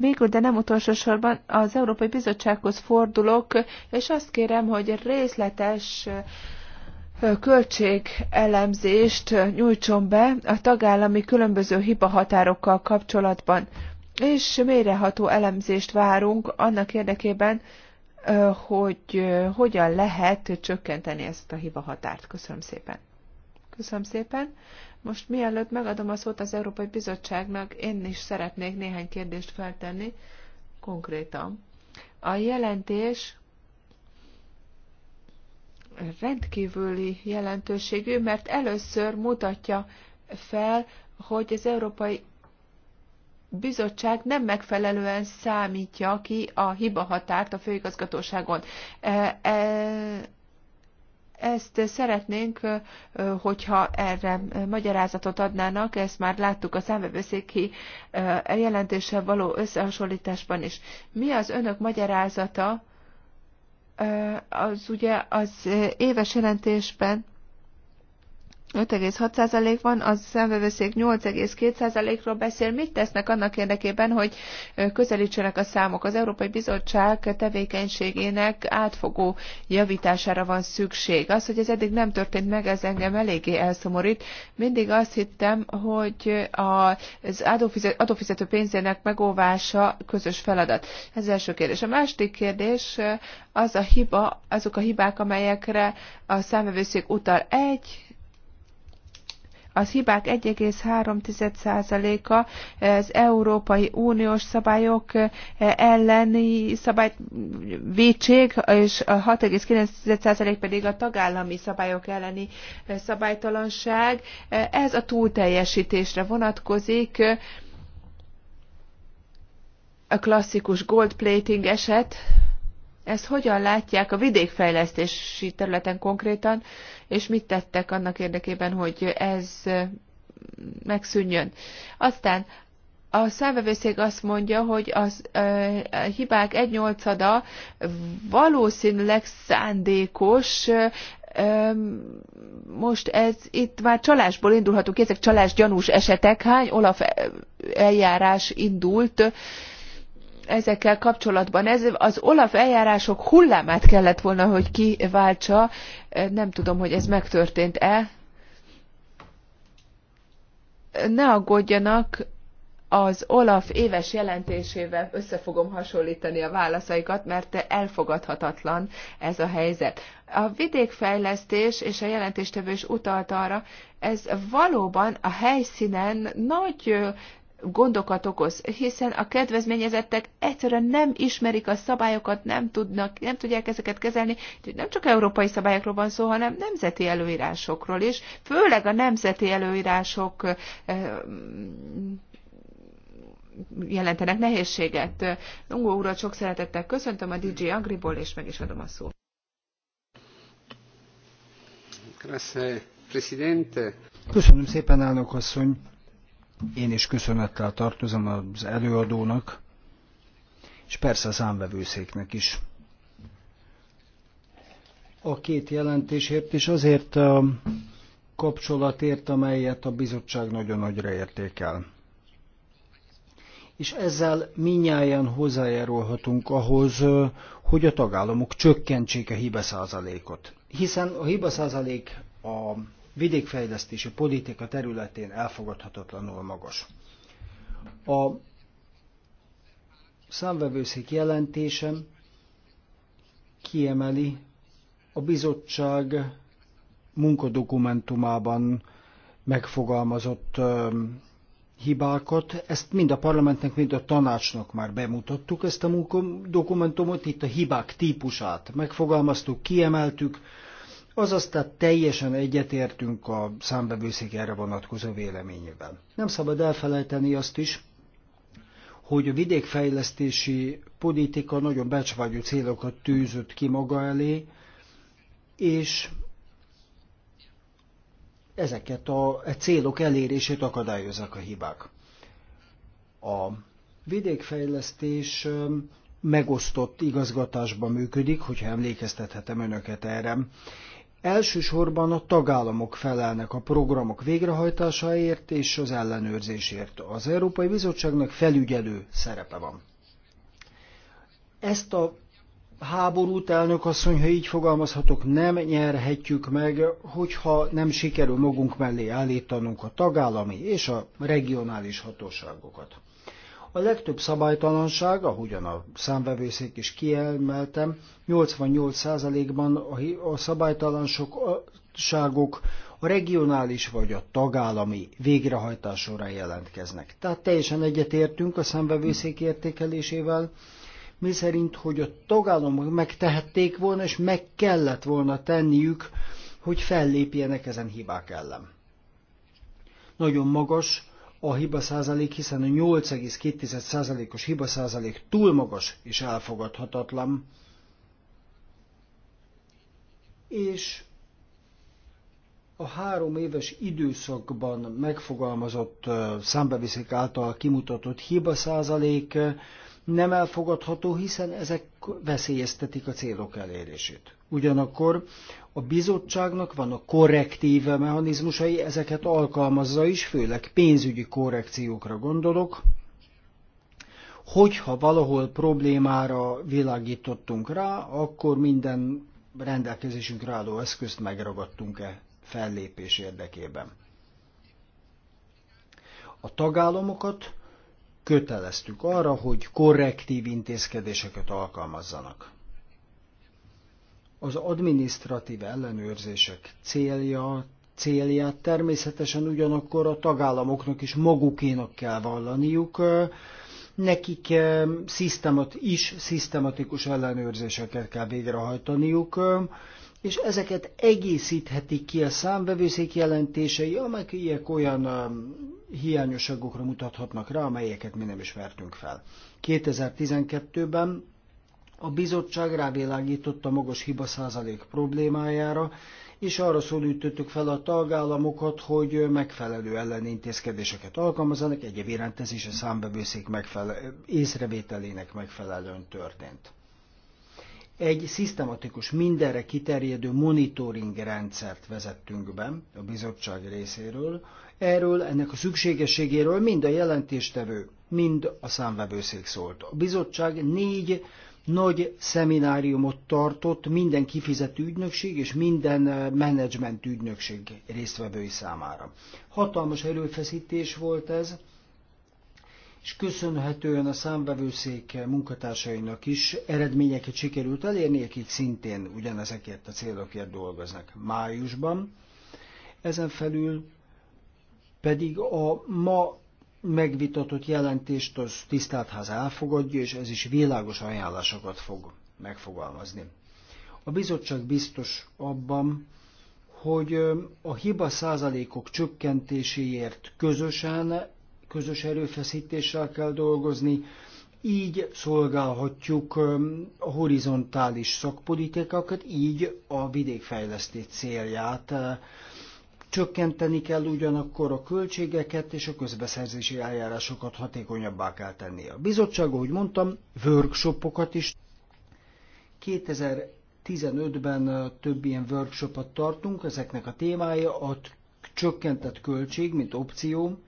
Végül, de nem utolsó sorban az Európai Bizottsághoz fordulok, és azt kérem, hogy részletes költségelemzést nyújtson be a tagállami különböző hibahatárokkal kapcsolatban, és mélyreható elemzést várunk annak érdekében, hogy hogyan lehet csökkenteni ezt a hibahatárt. Köszönöm szépen. Köszönöm szépen. Most mielőtt megadom a szót az Európai Bizottságnak, én is szeretnék néhány kérdést feltenni konkrétan. A jelentés rendkívüli jelentőségű, mert először mutatja fel, hogy az Európai bizottság nem megfelelően számítja ki a hiba határt a főigazgatóságon. E, e, ezt szeretnénk, hogyha erre magyarázatot adnának, ezt már láttuk a számvevőszéki jelentéssel való összehasonlításban is. Mi az önök magyarázata, az ugye az éves jelentésben 5,6% van, a szemvevőszék 8,2%-ról beszél. Mit tesznek annak érdekében, hogy közelítsenek a számok? Az Európai Bizottság tevékenységének átfogó javítására van szükség. Az, hogy ez eddig nem történt meg, ez engem eléggé elszomorít. Mindig azt hittem, hogy az adófizető pénzének megóvása közös feladat. Ez első kérdés. A második kérdés az a hiba, azok a hibák, amelyekre a számvevőszék utal. Egy, az hibák 1,3%-a az Európai Uniós szabályok eh, elleni szabály vétség, és 6,9% pedig a tagállami szabályok elleni eh, szabálytalanság. Eh, ez a túlteljesítésre vonatkozik. A klasszikus gold plating eset, ezt hogyan látják a vidékfejlesztési területen konkrétan, és mit tettek annak érdekében, hogy ez megszűnjön. Aztán a számvevőszék azt mondja, hogy az ö, a hibák egy nyolcada valószínűleg szándékos, ö, ö, most ez itt már csalásból indulhatunk, ezek csalás gyanús esetek, hány Olaf eljárás indult ezekkel kapcsolatban. Ez az Olaf eljárások hullámát kellett volna, hogy kiváltsa. Nem tudom, hogy ez megtörtént-e. Ne aggódjanak, az Olaf éves jelentésével össze fogom hasonlítani a válaszaikat, mert elfogadhatatlan ez a helyzet. A vidékfejlesztés és a jelentéstevő is utalta arra, ez valóban a helyszínen nagy gondokat okoz, hiszen a kedvezményezettek egyszerűen nem ismerik a szabályokat, nem tudnak, nem tudják ezeket kezelni. Nem csak európai szabályokról van szó, hanem nemzeti előírásokról is, főleg a nemzeti előírások eh, mm, jelentenek nehézséget. Ungó urat sok szeretettel köszöntöm a DJ Agriból, és meg is adom a szót. Köszönöm szépen, elnök asszony! Én is köszönettel tartozom az előadónak, és persze a számvevőszéknek is. A két jelentésért is azért a kapcsolatért, amelyet a bizottság nagyon nagyra értékel. És ezzel minnyáján hozzájárulhatunk ahhoz, hogy a tagállamok csökkentsék a hibaszázalékot, Hiszen a hibaszázalék a vidékfejlesztési politika területén elfogadhatatlanul magas. A számvevőszék jelentésem kiemeli a bizottság munkadokumentumában megfogalmazott hibákat. Ezt mind a parlamentnek, mind a tanácsnak már bemutattuk, ezt a munkadokumentumot, itt a hibák típusát megfogalmaztuk, kiemeltük, Azaz, tehát teljesen egyetértünk a számbevőszék erre vonatkozó véleményében. Nem szabad elfelejteni azt is, hogy a vidékfejlesztési politika nagyon becsvágyú célokat tűzött ki maga elé, és ezeket a e célok elérését akadályozzák a hibák. A vidékfejlesztés megosztott igazgatásban működik, hogyha emlékeztethetem önöket erre. Elsősorban a tagállamok felelnek a programok végrehajtásáért és az ellenőrzésért. Az Európai Bizottságnak felügyelő szerepe van. Ezt a háborút, elnök asszony, ha így fogalmazhatok, nem nyerhetjük meg, hogyha nem sikerül magunk mellé állítanunk a tagállami és a regionális hatóságokat. A legtöbb szabálytalanság, ahogyan a számvevőszék is kiemeltem, 88%-ban a szabálytalanságok a regionális vagy a tagállami végrehajtás során jelentkeznek. Tehát teljesen egyetértünk a számbevőszék értékelésével, mi szerint, hogy a tagállamok megtehették volna, és meg kellett volna tenniük, hogy fellépjenek ezen hibák ellen. Nagyon magas a hiba százalék, hiszen a 8,2 százalékos hiba százalék túl magas és elfogadhatatlan. És a három éves időszakban megfogalmazott számbeviszék által kimutatott hiba százalék nem elfogadható, hiszen ezek veszélyeztetik a célok elérését. Ugyanakkor a bizottságnak van a korrektív mechanizmusai, ezeket alkalmazza is, főleg pénzügyi korrekciókra gondolok, hogyha valahol problémára világítottunk rá, akkor minden rendelkezésünkre álló eszközt megragadtunk-e fellépés érdekében. A tagállamokat köteleztük arra, hogy korrektív intézkedéseket alkalmazzanak. Az administratív ellenőrzések célja, célját természetesen ugyanakkor a tagállamoknak is magukénak kell vallaniuk, nekik eh, szisztemat, is szisztematikus ellenőrzéseket kell végrehajtaniuk, eh, és ezeket egészíthetik ki a számvevőszék jelentései, amelyek olyan eh, hiányosságokra mutathatnak rá, amelyeket mi nem vertünk fel. 2012-ben a bizottság rávilágított a magas hibaszázalék problémájára, és arra szólítottuk fel a tagállamokat, hogy megfelelő ellenintézkedéseket alkalmazzanak, egyéb iránt ez is a számbevőszék megfele- észrevételének megfelelően történt. Egy szisztematikus, mindenre kiterjedő monitoring rendszert vezettünk be a bizottság részéről. Erről, ennek a szükségességéről mind a jelentéstevő, mind a számvevőszék szólt. A bizottság négy nagy szemináriumot tartott minden kifizető ügynökség és minden eh, menedzsment ügynökség résztvevői számára. Hatalmas erőfeszítés volt ez, és köszönhetően a számvevőszék munkatársainak is eredményeket sikerült elérni, akik szintén ugyanezekért a célokért dolgoznak májusban. Ezen felül pedig a ma megvitatott jelentést az tisztelt elfogadja, és ez is világos ajánlásokat fog megfogalmazni. A bizottság biztos abban, hogy a hiba százalékok csökkentéséért közösen, közös erőfeszítéssel kell dolgozni, így szolgálhatjuk a horizontális szakpolitikákat, így a vidékfejlesztés célját, Csökkenteni kell ugyanakkor a költségeket és a közbeszerzési eljárásokat hatékonyabbá kell tenni. A bizottság, ahogy mondtam, workshopokat is 2015-ben több ilyen workshopot tartunk, ezeknek a témája a csökkentett költség, mint opció,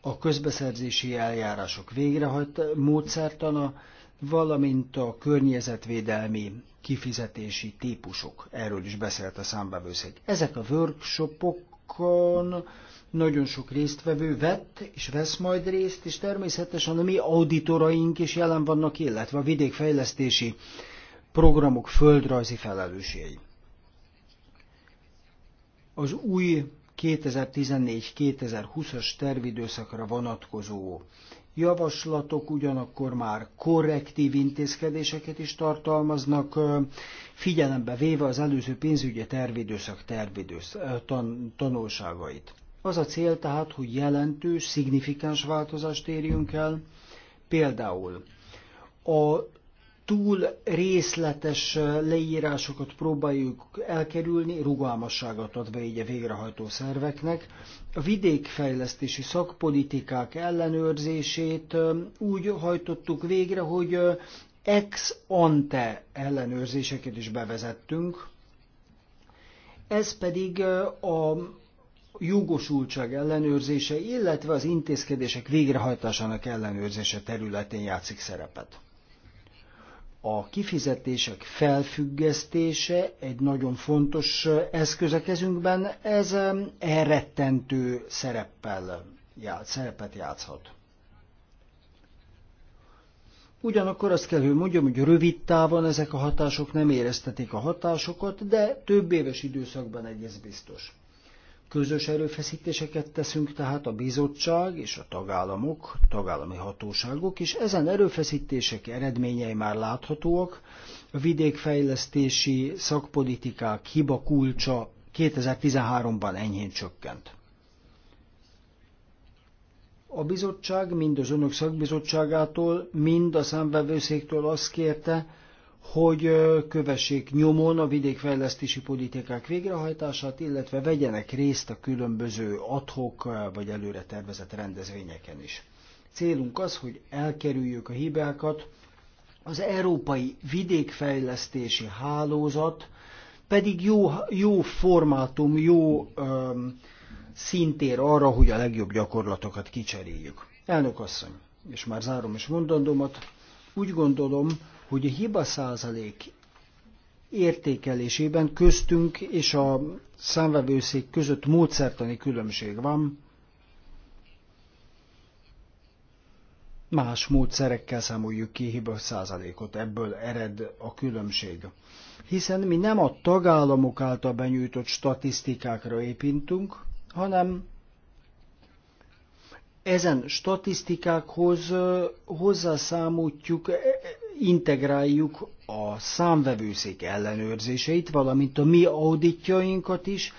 a közbeszerzési eljárások végrehajt módszertana, valamint a környezetvédelmi kifizetési típusok. Erről is beszélt a számbevőszék. Ezek a workshopokon nagyon sok résztvevő vett, és vesz majd részt, és természetesen a mi auditoraink is jelen vannak, illetve a vidékfejlesztési programok földrajzi felelősségei. Az új 2014-2020-as tervidőszakra vonatkozó javaslatok ugyanakkor már korrektív intézkedéseket is tartalmaznak, figyelembe véve az előző pénzügyi tervidőszak tervidősz, tan, tanulságait. Az a cél tehát, hogy jelentős, szignifikáns változást érjünk el, például a túl részletes leírásokat próbáljuk elkerülni, rugalmasságot adva így a végrehajtó szerveknek. A vidékfejlesztési szakpolitikák ellenőrzését úgy hajtottuk végre, hogy ex ante ellenőrzéseket is bevezettünk, ez pedig a jogosultság ellenőrzése, illetve az intézkedések végrehajtásának ellenőrzése területén játszik szerepet a kifizetések felfüggesztése egy nagyon fontos eh, eszköz a kezünkben, ez eh, elrettentő szereppel, ját, szerepet játszhat. Ugyanakkor azt kell, hogy mondjam, hogy rövid távon ezek a hatások nem éreztetik a hatásokat, de több éves időszakban egy ez biztos. Közös erőfeszítéseket teszünk tehát a bizottság és a tagállamok, tagállami hatóságok, és ezen erőfeszítések eredményei már láthatóak. A vidékfejlesztési szakpolitikák hiba kulcsa 2013-ban enyhén csökkent. A bizottság mind az önök szakbizottságától, mind a számbevőszéktől azt kérte, hogy kövessék nyomon a vidékfejlesztési politikák végrehajtását, illetve vegyenek részt a különböző adhok vagy előre tervezett rendezvényeken is. Célunk az, hogy elkerüljük a hibákat, az Európai Vidékfejlesztési Hálózat pedig jó, jó formátum, jó öm, szintér arra, hogy a legjobb gyakorlatokat kicseréljük. Elnök asszony, és már zárom is mondandómat, úgy gondolom, hogy a hiba százalék értékelésében köztünk és a számvevőszék között módszertani különbség van. Más módszerekkel számoljuk ki hiba százalékot, ebből ered a különbség. Hiszen mi nem a tagállamok által benyújtott statisztikákra építünk, hanem ezen statisztikákhoz hozzászámítjuk integráljuk a számvevőszék ellenőrzéseit, valamint a mi auditjainkat is,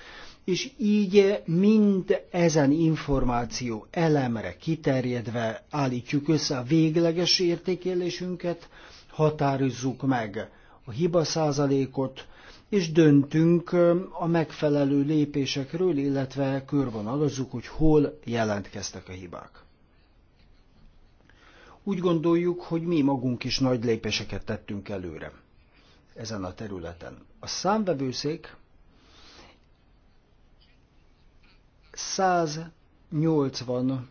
és így mind ezen információ elemre kiterjedve állítjuk össze a végleges értékelésünket, határozzuk meg a hiba százalékot, és döntünk a megfelelő lépésekről, illetve körvonalazzuk, hogy hol jelentkeztek a hibák. Úgy gondoljuk, hogy mi magunk is nagy lépéseket tettünk előre ezen a területen. A számvevőszék 180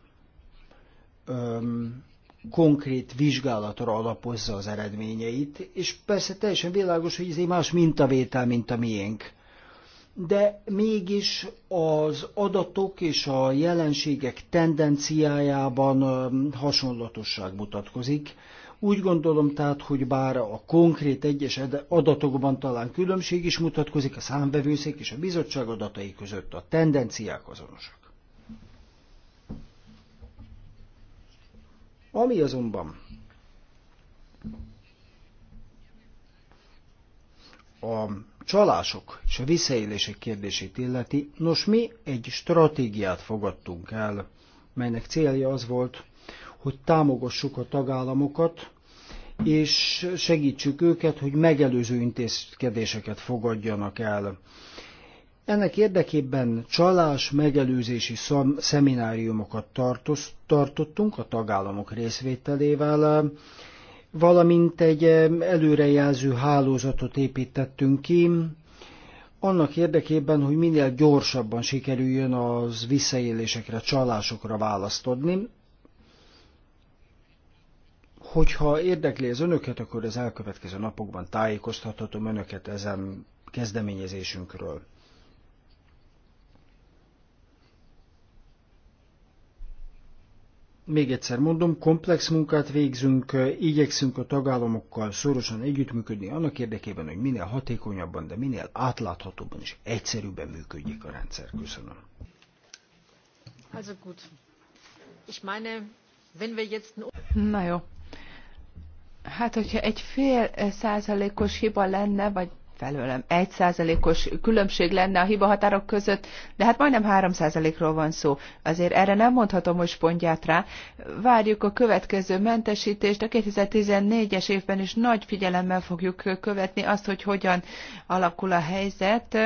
öm, konkrét vizsgálatra alapozza az eredményeit, és persze teljesen világos, hogy ez egy más mintavétel, mint a miénk de mégis az adatok és a jelenségek tendenciájában hasonlatosság mutatkozik. Úgy gondolom tehát, hogy bár a konkrét egyes adatokban talán különbség is mutatkozik, a számbevőszék és a bizottság adatai között a tendenciák azonosak. Ami azonban a csalások és a visszaélések kérdését illeti, nos mi egy stratégiát fogadtunk el, melynek célja az volt, hogy támogassuk a tagállamokat, és segítsük őket, hogy megelőző intézkedéseket fogadjanak el. Ennek érdekében csalás megelőzési szemináriumokat tartottunk a tagállamok részvételével, valamint egy eh, előrejelző hálózatot építettünk ki, annak érdekében, hogy minél gyorsabban sikerüljön az visszaélésekre, csalásokra választodni, Hogyha érdekli az önöket, akkor az elkövetkező napokban tájékoztathatom önöket ezen kezdeményezésünkről. Még egyszer mondom, komplex munkát végzünk, igyekszünk a tagállamokkal szorosan együttműködni annak érdekében, hogy minél hatékonyabban, de minél átláthatóbban és egyszerűbben működjék a rendszer. Köszönöm. Also gut. Ich meine, wenn wir jetzt... Na jó. Hát, hogyha egy fél százalékos hiba lenne, vagy felőlem Egy os különbség lenne a hiba határok között, de hát majdnem három százalékról van szó. Azért erre nem mondhatom hogy spontját rá. Várjuk a következő mentesítést. A 2014-es évben is nagy figyelemmel fogjuk követni azt, hogy hogyan alakul a helyzet.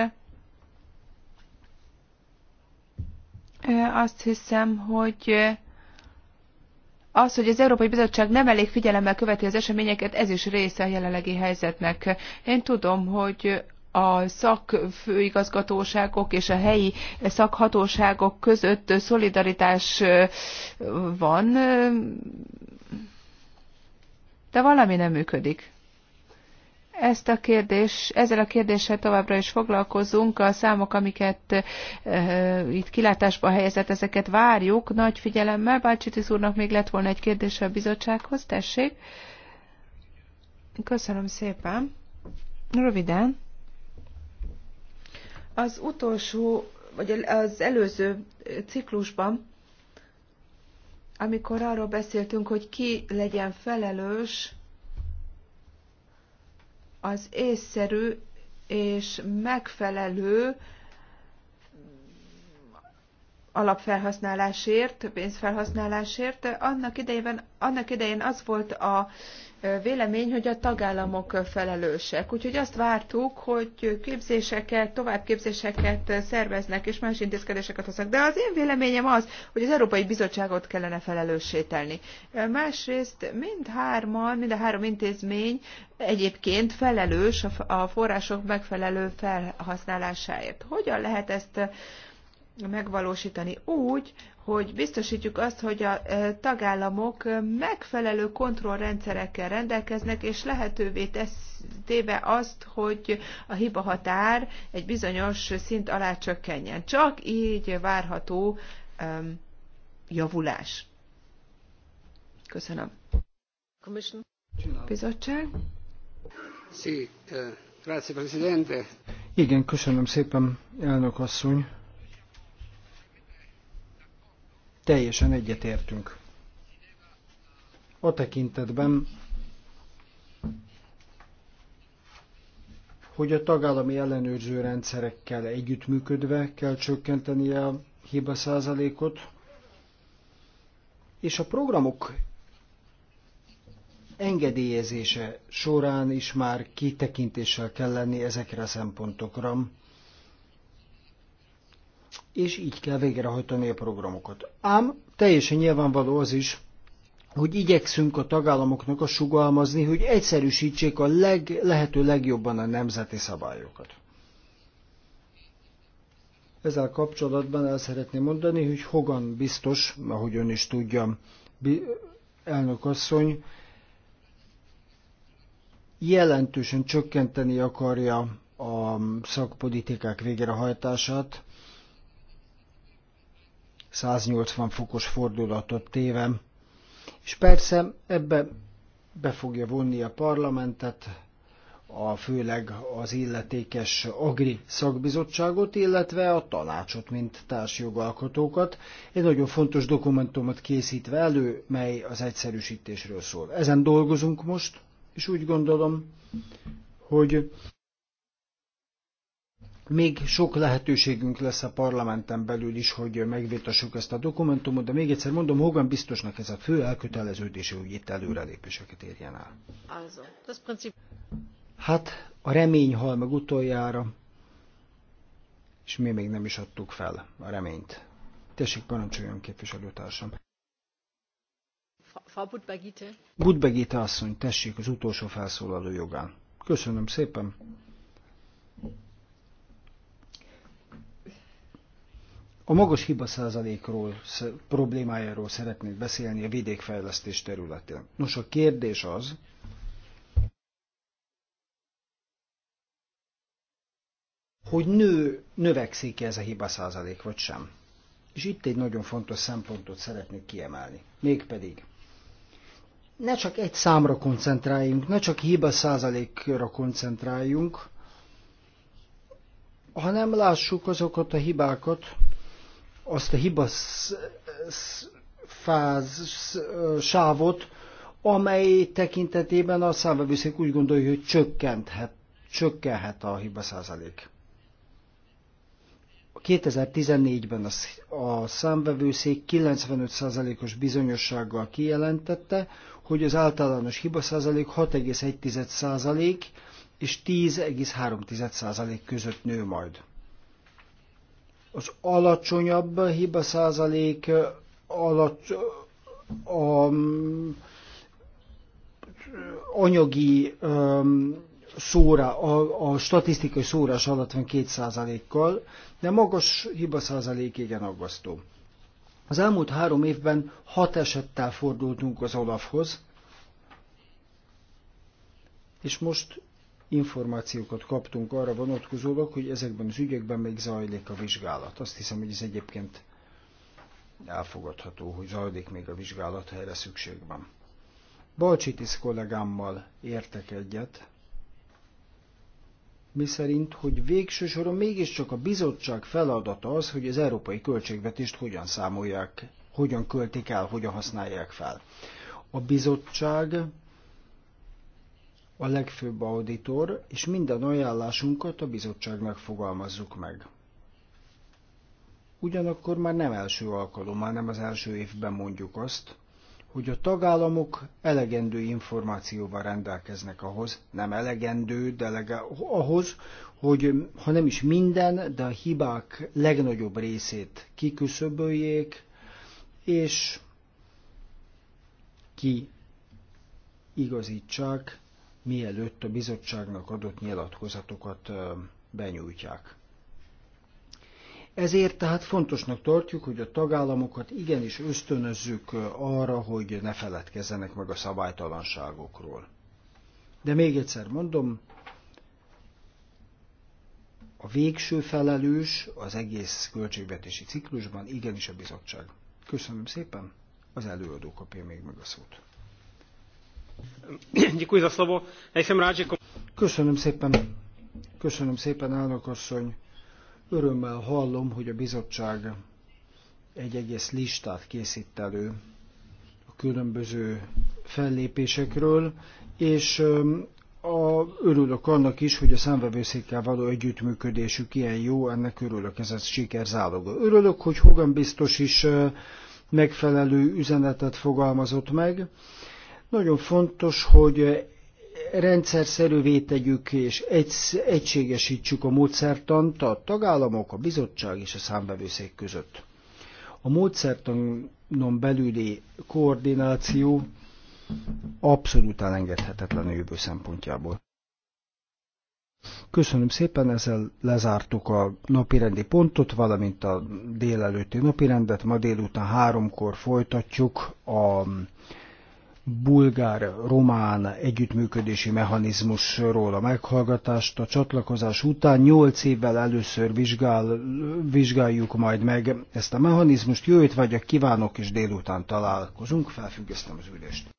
Azt hiszem, hogy az, hogy az Európai Bizottság nem elég figyelemmel követi az eseményeket, ez is része a jelenlegi helyzetnek. Én tudom, hogy a szakfőigazgatóságok és a helyi szakhatóságok között szolidaritás van, de valami nem működik ezt a kérdés, ezzel a kérdéssel továbbra is foglalkozunk. A számok, amiket e, itt kilátásba helyezett, ezeket várjuk nagy figyelemmel. Bácsitis úrnak még lett volna egy kérdése a bizottsághoz, tessék. Köszönöm szépen. Röviden. Az utolsó, vagy az előző ciklusban, amikor arról beszéltünk, hogy ki legyen felelős, az észszerű és megfelelő alapfelhasználásért, pénzfelhasználásért. Annak idején, annak idején az volt a vélemény, hogy a tagállamok felelősek. Úgyhogy azt vártuk, hogy képzéseket, továbbképzéseket szerveznek, és más intézkedéseket hoznak. De az én véleményem az, hogy az Európai Bizottságot kellene felelőssé tenni. Másrészt mindhárman, mind a három intézmény egyébként felelős a források megfelelő felhasználásáért. Hogyan lehet ezt megvalósítani úgy, hogy biztosítjuk azt, hogy a e, tagállamok megfelelő kontrollrendszerekkel rendelkeznek, és lehetővé tesz, téve azt, hogy a hiba határ egy bizonyos szint alá csökkenjen. Csak így várható um, javulás. Köszönöm. Bizottság. Sí, eh, grazie, Presidente. Igen, köszönöm szépen, elnök asszony. Teljesen egyetértünk. A tekintetben, hogy a tagállami ellenőrző rendszerekkel együttműködve kell csökkenteni a hiba százalékot, és a programok engedélyezése során is már kitekintéssel kell lenni ezekre a szempontokra, és így kell végrehajtani a programokat. Ám teljesen nyilvánvaló az is, hogy igyekszünk a tagállamoknak a sugalmazni, hogy egyszerűsítsék a leg, lehető legjobban a nemzeti szabályokat. Ezzel kapcsolatban el szeretném mondani, hogy Hogan biztos, ahogy ön is tudja, elnökasszony, jelentősen csökkenteni akarja a szakpolitikák végrehajtását, 180 fokos fordulatot tévem. És persze ebbe be fogja vonni a parlamentet, a, főleg az illetékes agri szakbizottságot, illetve a tanácsot, mint társjogalkotókat. Egy nagyon fontos dokumentumot készítve elő, mely az egyszerűsítésről szól. Ezen dolgozunk most, és úgy gondolom, hogy még sok lehetőségünk lesz a parlamenten belül is, hogy megvitassuk ezt a dokumentumot, de még egyszer mondom, Hogan biztosnak ez a fő elköteleződése, hogy itt előrelépéseket érjen el. Hát a remény hal meg utoljára, és mi még nem is adtuk fel a reményt. Tessék, parancsoljon képviselőtársam. Frau Budbegite. Budbegite asszony, tessék az utolsó felszólaló jogán. Köszönöm szépen. A magas hiba százalékról, problémájáról szeretnék beszélni a vidékfejlesztés területén. Nos, a kérdés az, hogy nő, növekszik -e ez a hiba százalék, vagy sem. És itt egy nagyon fontos szempontot szeretnék kiemelni. Mégpedig, ne csak egy számra koncentráljunk, ne csak hiba százalékra koncentráljunk, hanem lássuk azokat a hibákat, azt a hiba fáz sávot, amely tekintetében a számbevőszék úgy gondolja, hogy csökkenthet, csökkenhet a hiba százalék. 2014-ben a, a számvevőszék 95%-os bizonyossággal kijelentette, hogy az általános hiba százalék 6,1% és 10,3% között nő majd. Az alacsonyabb hiba százalék alatt a mm, anyagi mm, szóra, a, a statisztikai szórás alatt van 2%-kal, de magas hiba százalék igen aggasztó. Az elmúlt három évben hat esettel fordultunk az Olafhoz, és most információkat kaptunk arra vonatkozólag, hogy ezekben az ügyekben még zajlik a vizsgálat. Azt hiszem, hogy ez egyébként elfogadható, hogy zajlik még a vizsgálat, ha erre szükség van. Balcsitis kollégámmal értek egyet, miszerint, hogy végső soron mégiscsak a bizottság feladata az, hogy az európai költségvetést hogyan számolják, hogyan költik el, hogyan használják fel. A bizottság a legfőbb auditor, és minden ajánlásunkat a bizottságnak fogalmazzuk meg. Ugyanakkor már nem első alkalom, már nem az első évben mondjuk azt, hogy a tagállamok elegendő információval rendelkeznek ahhoz, nem elegendő, de lege, ahhoz, hogy ha nem is minden, de a hibák legnagyobb részét kiküszöböljék, és ki igazítsák mielőtt a bizottságnak adott nyilatkozatokat benyújtják. Ezért tehát fontosnak tartjuk, hogy a tagállamokat igenis ösztönözzük arra, hogy ne feledkezzenek meg a szabálytalanságokról. De még egyszer mondom, a végső felelős az egész költségvetési ciklusban igenis a bizottság. Köszönöm szépen, az előadó kapja még meg a szót. Köszönöm szépen. Köszönöm szépen, elnök asszony. Örömmel hallom, hogy a bizottság egy egész listát készít elő a különböző fellépésekről, és a, örülök annak is, hogy a számvevőszékkel való együttműködésük ilyen jó, ennek örülök, ez a siker záloga. Örülök, hogy Hogan biztos is megfelelő üzenetet fogalmazott meg, nagyon fontos, hogy rendszer szerűvé tegyük és egy, egységesítsük a módszertant a tagállamok, a bizottság és a számbevőszék között. A módszertanon belüli koordináció abszolút elengedhetetlen a jövő szempontjából. Köszönöm szépen, ezzel lezártuk a napirendi pontot, valamint a délelőtti napirendet. Ma délután háromkor folytatjuk a bulgár-román együttműködési mechanizmusról a meghallgatást. A csatlakozás után nyolc évvel először vizsgál, vizsgáljuk majd meg ezt a mechanizmust. Jöjjt vagy vagyok kívánok, és délután találkozunk. Felfüggesztem az ülést.